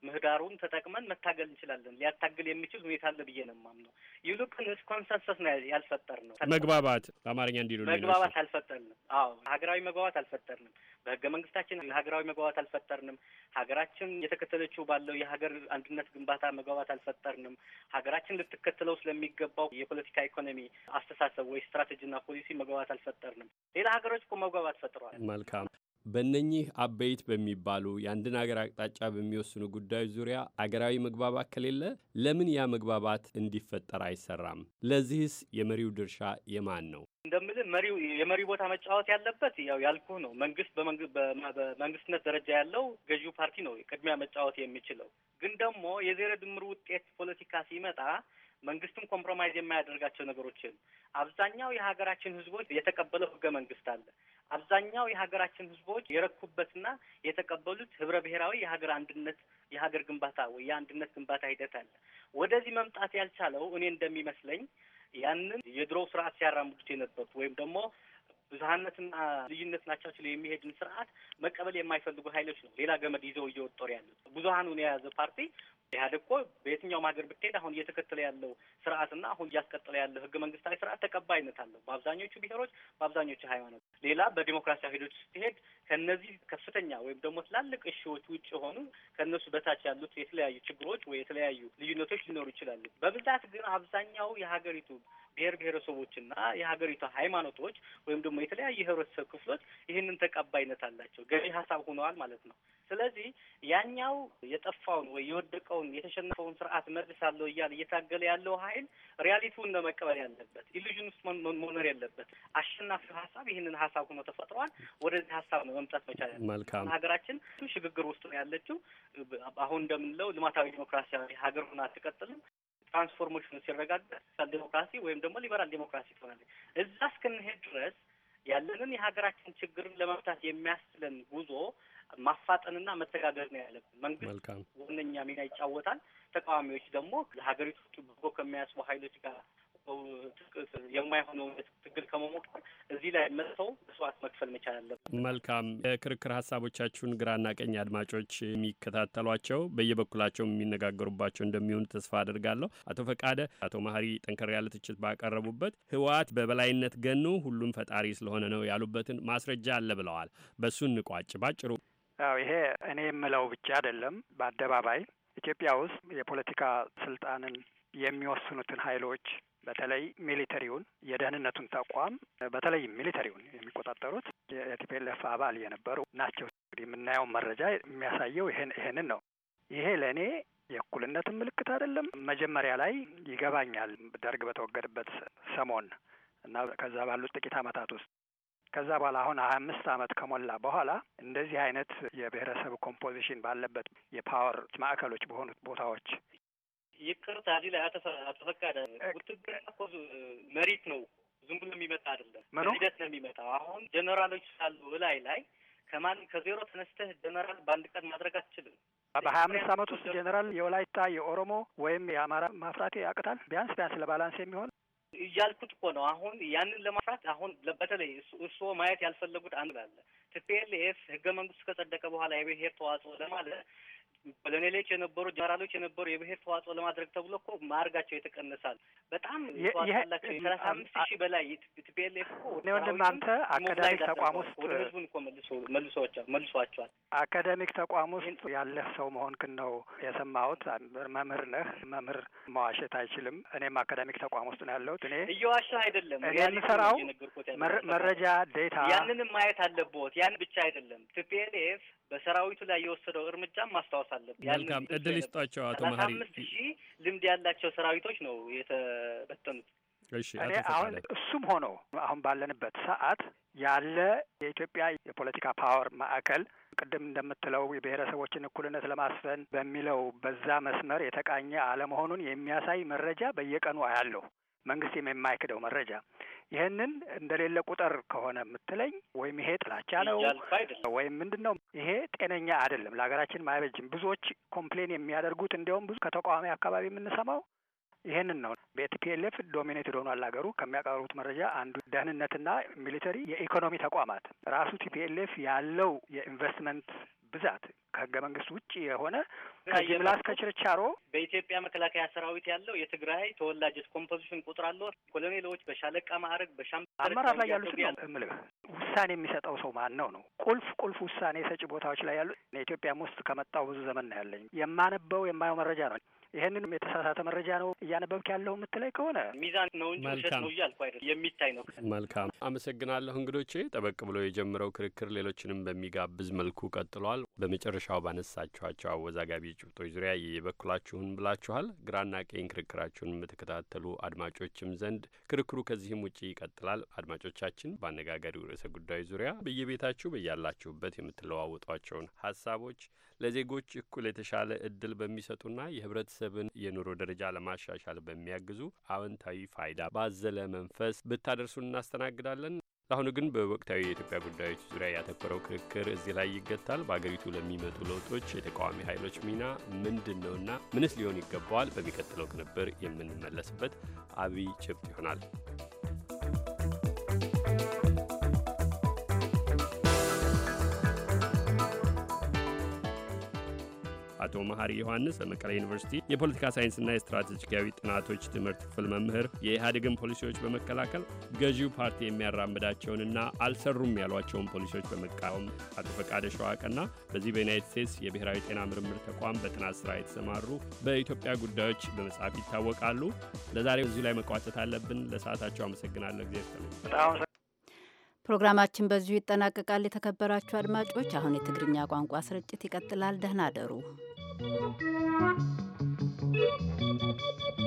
ምህዳሩን ተጠቅመን መታገል እንችላለን። ሊያታግል የሚችል ሁኔታ አለ ብዬ ነው የማምነው። ይልቁንስ ኮንሰንሰስ ነው ያልፈጠር ነው መግባባት በአማርኛ እንዲሉ መግባባት አልፈጠር አልፈጠርንም። አዎ ሀገራዊ መግባባት አልፈጠርንም። በህገ መንግስታችን ሀገራዊ መግባባት አልፈጠርንም። ሀገራችን እየተከተለችው ባለው የሀገር አንድነት ግንባታ መግባባት አልፈጠርንም። ሀገራችን ልትከተለው ስለሚገባው የፖለቲካ ኢኮኖሚ አስተሳሰብ ወይ ስትራቴጂና ፖሊሲ መግባባት አልፈጠርንም። ሌላ ሀገሮች እኮ መግባባት ፈጥረዋል። መልካም በእነኚህ አበይት በሚባሉ የአንድን ሀገር አቅጣጫ በሚወስኑ ጉዳዮች ዙሪያ አገራዊ መግባባት ከሌለ ለምን ያ መግባባት እንዲፈጠር አይሰራም? ለዚህስ የመሪው ድርሻ የማን ነው? እንደምል መሪው የመሪው ቦታ መጫወት ያለበት ያው ያልኩ ነው። መንግስት በመንግስትነት ደረጃ ያለው ገዢው ፓርቲ ነው ቅድሚያ መጫወት የሚችለው። ግን ደግሞ የዜሮ ድምር ውጤት ፖለቲካ ሲመጣ መንግስትም ኮምፕሮማይዝ የማያደርጋቸው ነገሮችን አብዛኛው የሀገራችን ህዝቦች የተቀበለው ህገ መንግስት አለ። አብዛኛው የሀገራችን ህዝቦች የረኩበትና የተቀበሉት ህብረ ብሔራዊ የሀገር አንድነት የሀገር ግንባታ ወይ የአንድነት ግንባታ ሂደት አለ። ወደዚህ መምጣት ያልቻለው እኔ እንደሚመስለኝ ያንን የድሮው ስርዓት ሲያራምዱት የነበሩት ወይም ደግሞ ብዙሀነትና ልዩነት ናቸው ሲል የሚሄድን ስርዓት መቀበል የማይፈልጉ ሀይሎች ነው ሌላ ገመድ ይዘው እየወጠሩ ያሉት። ብዙሀኑን የያዘ ፓርቲ ኢህአዴግ እኮ በየትኛውም ሀገር ብትሄድ አሁን እየተከተለ ያለው ስርዓትና አሁን እያስቀጠለ ያለው ህገ መንግስታዊ ስርዓት ተቀባይነት አለው በአብዛኞቹ ብሔሮች፣ በአብዛኞቹ ሃይማኖት። ሌላ በዲሞክራሲያዊ ሂዶች ስትሄድ ከነዚህ ከፍተኛ ወይም ደግሞ ትላልቅ እሺዎች ውጭ የሆኑ ከእነሱ በታች ያሉት የተለያዩ ችግሮች ወይ የተለያዩ ልዩነቶች ሊኖሩ ይችላሉ። በብዛት ግን አብዛኛው የሀገሪቱ ብሔር ብሔረሰቦችና የሀገሪቷ ሃይማኖቶች ወይም ደግሞ የተለያዩ የህብረተሰብ ክፍሎች ይህንን ተቀባይነት አላቸው፣ ገቢ ሀሳብ ሆነዋል ማለት ነው። ስለዚህ ያኛው የጠፋውን ወይ የወደቀውን የተሸነፈውን ስርዓት መልሳለሁ እያለ እየታገለ ያለው ሀይል ሪያሊቲውን ለመቀበል ያለበት ኢሉዥን ውስጥ መኖር የለበት። አሸናፊው ሀሳብ ይህንን ሀሳብ ሆኖ ተፈጥሯል። ወደዚህ ሀሳብ ነው መምጣት መቻል ያለ። መልካም ሀገራችን ሽግግር ውስጥ ነው ያለችው። አሁን እንደምንለው ልማታዊ ዲሞክራሲያዊ ሀገር ሆና አትቀጥልም። ትራንስፎርሜሽኑ ሲረጋገጥ ሶሻል ዴሞክራሲ ወይም ደግሞ ሊበራል ዲሞክራሲ ትሆናለች። እዛ እስክንሄድ ድረስ ያለንን የሀገራችን ችግርን ለመፍታት የሚያስችለን ጉዞ ማፋጠንና መተጋገር ነው ያለብን። መንግስት ዋነኛ ሚና ይጫወታል። ተቃዋሚዎች ደግሞ ለሀገሪቱ በጎ ከሚያስቡ ሀይሎች ጋር የማይሆነውን ትግል ከመሞከር እዚህ ላይ መጥተው መስዋዕት መክፈል መቻል አለበት። መልካም የክርክር ሀሳቦቻችሁን ግራና ቀኝ አድማጮች የሚከታተሏቸው በየበኩላቸው የሚነጋገሩባቸው እንደሚሆኑ ተስፋ አድርጋለሁ። አቶ ፈቃደ፣ አቶ መሀሪ ጠንከር ያለ ትችት ባቀረቡበት ህወሓት በበላይነት ገኖ ሁሉም ፈጣሪ ስለሆነ ነው ያሉበትን ማስረጃ አለ ብለዋል። በእሱ እንቋጭ ባጭሩ። አዎ ይሄ እኔ የምለው ብቻ አይደለም። በአደባባይ ኢትዮጵያ ውስጥ የፖለቲካ ስልጣንን የሚወስኑትን ኃይሎች በተለይ ሚሊተሪውን የደህንነቱን ተቋም በተለይ ሚሊተሪውን የሚቆጣጠሩት የቲፒኤልኤፍ አባል የነበሩ ናቸው። እንግዲህ የምናየው መረጃ የሚያሳየው ይሄን ይሄንን ነው። ይሄ ለእኔ የእኩልነትን ምልክት አይደለም። መጀመሪያ ላይ ይገባኛል ደርግ በተወገደበት ሰሞን እና ከዛ ባሉት ጥቂት ዓመታት ውስጥ ከዛ በኋላ አሁን ሀያ አምስት ዓመት ከሞላ በኋላ እንደዚህ አይነት የብሔረሰብ ኮምፖዚሽን ባለበት የፓወር ማዕከሎች በሆኑት ቦታዎች ይቅርታ እዚህ ላይ አተፈቃደ ውትድርና እኮ መሪት ነው፣ ዝም ብሎ የሚመጣ አይደለም። ሂደት ነው የሚመጣው። አሁን ጀነራሎች ሳሉ እላይ ላይ ከማን ከዜሮ ተነስተህ ጀነራል በአንድ ቀን ማድረግ አትችልም። በሀያ አምስት አመት ውስጥ ጀነራል የወላይታ የኦሮሞ ወይም የአማራ ማፍራት ያቅታል። ቢያንስ ቢያንስ ለባላንስ የሚሆን እያልኩት እኮ ነው። አሁን ያንን ለማፍራት አሁን በተለይ እሱ ማየት ያልፈለጉት አንድ አለ። ቲፒኤልኤፍ ህገ መንግስቱ ከጸደቀ በኋላ የብሄር ተዋጽኦ ለማለት ኮሎኔሎች የነበሩ ጀነራሎች የነበሩ የብሄር ተዋጽኦ ለማድረግ ተብሎ እኮ ማርጋቸው የተቀነሳል። በጣም ተዋጽላቸው የሰላሳ አምስት ሺህ በላይ ቲፒኤልኤፍ እኮ ወንድም አንተ አካዳሚክ ተቋም ውስጥ ወደ ህዝቡን እኮ መልሶ መልሶቻ መልሷቸዋል። አካዳሚክ ተቋም ውስጥ ያለህ ሰው መሆንክን ነው የሰማሁት። መምህር ነህ። መምህር መዋሸት አይችልም። እኔም አካዳሚክ ተቋም ውስጥ ነው ያለሁት። እኔ እየዋሸ አይደለም እኔ የምሰራው መረጃ ዴታ ያንንም ማየት አለብዎት። ያን ብቻ አይደለም ትፒኤልኤፍ በሰራዊቱ ላይ የወሰደው እርምጃ ማስታወስ አለብን። መልካም እድል ይስጧቸው አቶ መሀሪ። አምስት ሺህ ልምድ ያላቸው ሰራዊቶች ነው የተበተኑት። እሺ አሁን እሱም ሆኖ አሁን ባለንበት ሰዓት ያለ የኢትዮጵያ የፖለቲካ ፓወር ማዕከል ቅድም እንደምትለው የብሔረሰቦችን እኩልነት ለማስፈን በሚለው በዛ መስመር የተቃኘ አለመሆኑን የሚያሳይ መረጃ በየቀኑ አያለሁ። መንግስትም የማይክደው መረጃ ይህንን እንደሌለ ቁጥር ከሆነ የምትለኝ ወይም ይሄ ጥላቻ ነው ወይም ምንድን ነው ይሄ ጤነኛ አይደለም፣ ለሀገራችን አይበጅም። ብዙዎች ኮምፕሌን የሚያደርጉት እንዲያውም ብዙ ከተቃዋሚ አካባቢ የምንሰማው ይህንን ነው። በቲፒኤልኤፍ ዶሚኔትድ ሆኗል ሀገሩ። ከሚያቀርቡት መረጃ አንዱ ደህንነትና ሚሊተሪ፣ የኢኮኖሚ ተቋማት ራሱ ቲፒኤልኤፍ ያለው የኢንቨስትመንት ብዛት ከህገ መንግስት ውጭ የሆነ ከጅምላ እስከ ችርቻሮ በኢትዮጵያ መከላከያ ሰራዊት ያለው የትግራይ ተወላጅ ኮምፖዚሽን ቁጥር አለው። ኮሎኔሎች በሻለቃ ማዕረግ በሻም አመራር ላይ ያሉት ነው ውሳኔ የሚሰጠው ሰው ማን ነው ነው? ቁልፍ ቁልፍ ውሳኔ ሰጪ ቦታዎች ላይ ያሉት ኢትዮጵያም ውስጥ ከመጣው ብዙ ዘመን ነው ያለኝ የማነበው የማየው መረጃ ነው። ይህንን የተሳሳተ መረጃ ነው እያነበብክ ያለው የምትለይ ከሆነ ሚዛን ነው እንጂ ውሸት ነው እያልኩ አይደለም። የሚታይ ነው። መልካም አመሰግናለሁ። እንግዶቼ ጠበቅ ብሎ የጀመረው ክርክር ሌሎችንም በሚጋብዝ መልኩ ቀጥሏል። በመጨረሻው ባነሳችኋቸው አወዛጋቢ ጭብጦች ዙሪያ የበኩላችሁን ብላችኋል። ግራና ቀኝ ክርክራችሁን የምትከታተሉ አድማጮችም ዘንድ ክርክሩ ከዚህም ውጭ ይቀጥላል። አድማጮቻችን በአነጋጋሪው ርዕሰ ጉዳይ ዙሪያ በየቤታችሁ በያላችሁበት የምትለዋወጧቸውን ሀሳቦች ለዜጎች እኩል የተሻለ እድል በሚሰጡና የህብረት የኅብረተሰብን የኑሮ ደረጃ ለማሻሻል በሚያግዙ አዎንታዊ ፋይዳ ባዘለ መንፈስ ብታደርሱን እናስተናግዳለን። ለአሁኑ ግን በወቅታዊ የኢትዮጵያ ጉዳዮች ዙሪያ ያተኮረው ክርክር እዚህ ላይ ይገታል። በአገሪቱ ለሚመጡ ለውጦች የተቃዋሚ ኃይሎች ሚና ምንድን ነውና ምንስ ሊሆን ይገባዋል? በሚቀጥለው ቅንብር የምንመለስበት አብይ ጭብጥ ይሆናል። ወይዘሮ መሀሪ ዮሐንስ በመቀሌ ዩኒቨርሲቲ የፖለቲካ ሳይንስና የስትራቴጂካዊ ጥናቶች ትምህርት ክፍል መምህር፣ የኢህአዴግን ፖሊሲዎች በመከላከል ገዢው ፓርቲ የሚያራምዳቸውንና አልሰሩም ያሏቸውን ፖሊሲዎች በመቃወም አቶ ፈቃደ ሸዋቀና በዚህ በዩናይት ስቴትስ የብሔራዊ ጤና ምርምር ተቋም በጥናት ስራ የተሰማሩ በኢትዮጵያ ጉዳዮች በመጽሐፍ ይታወቃሉ። ለዛሬው እዚሁ ላይ መቋጨት አለብን። ለሰዓታቸው አመሰግናለሁ። ጊዜ ፕሮግራማችን በዚሁ ይጠናቀቃል። የተከበራችሁ አድማጮች፣ አሁን የትግርኛ ቋንቋ ስርጭት ይቀጥላል። ደህና አደሩ። Thank you.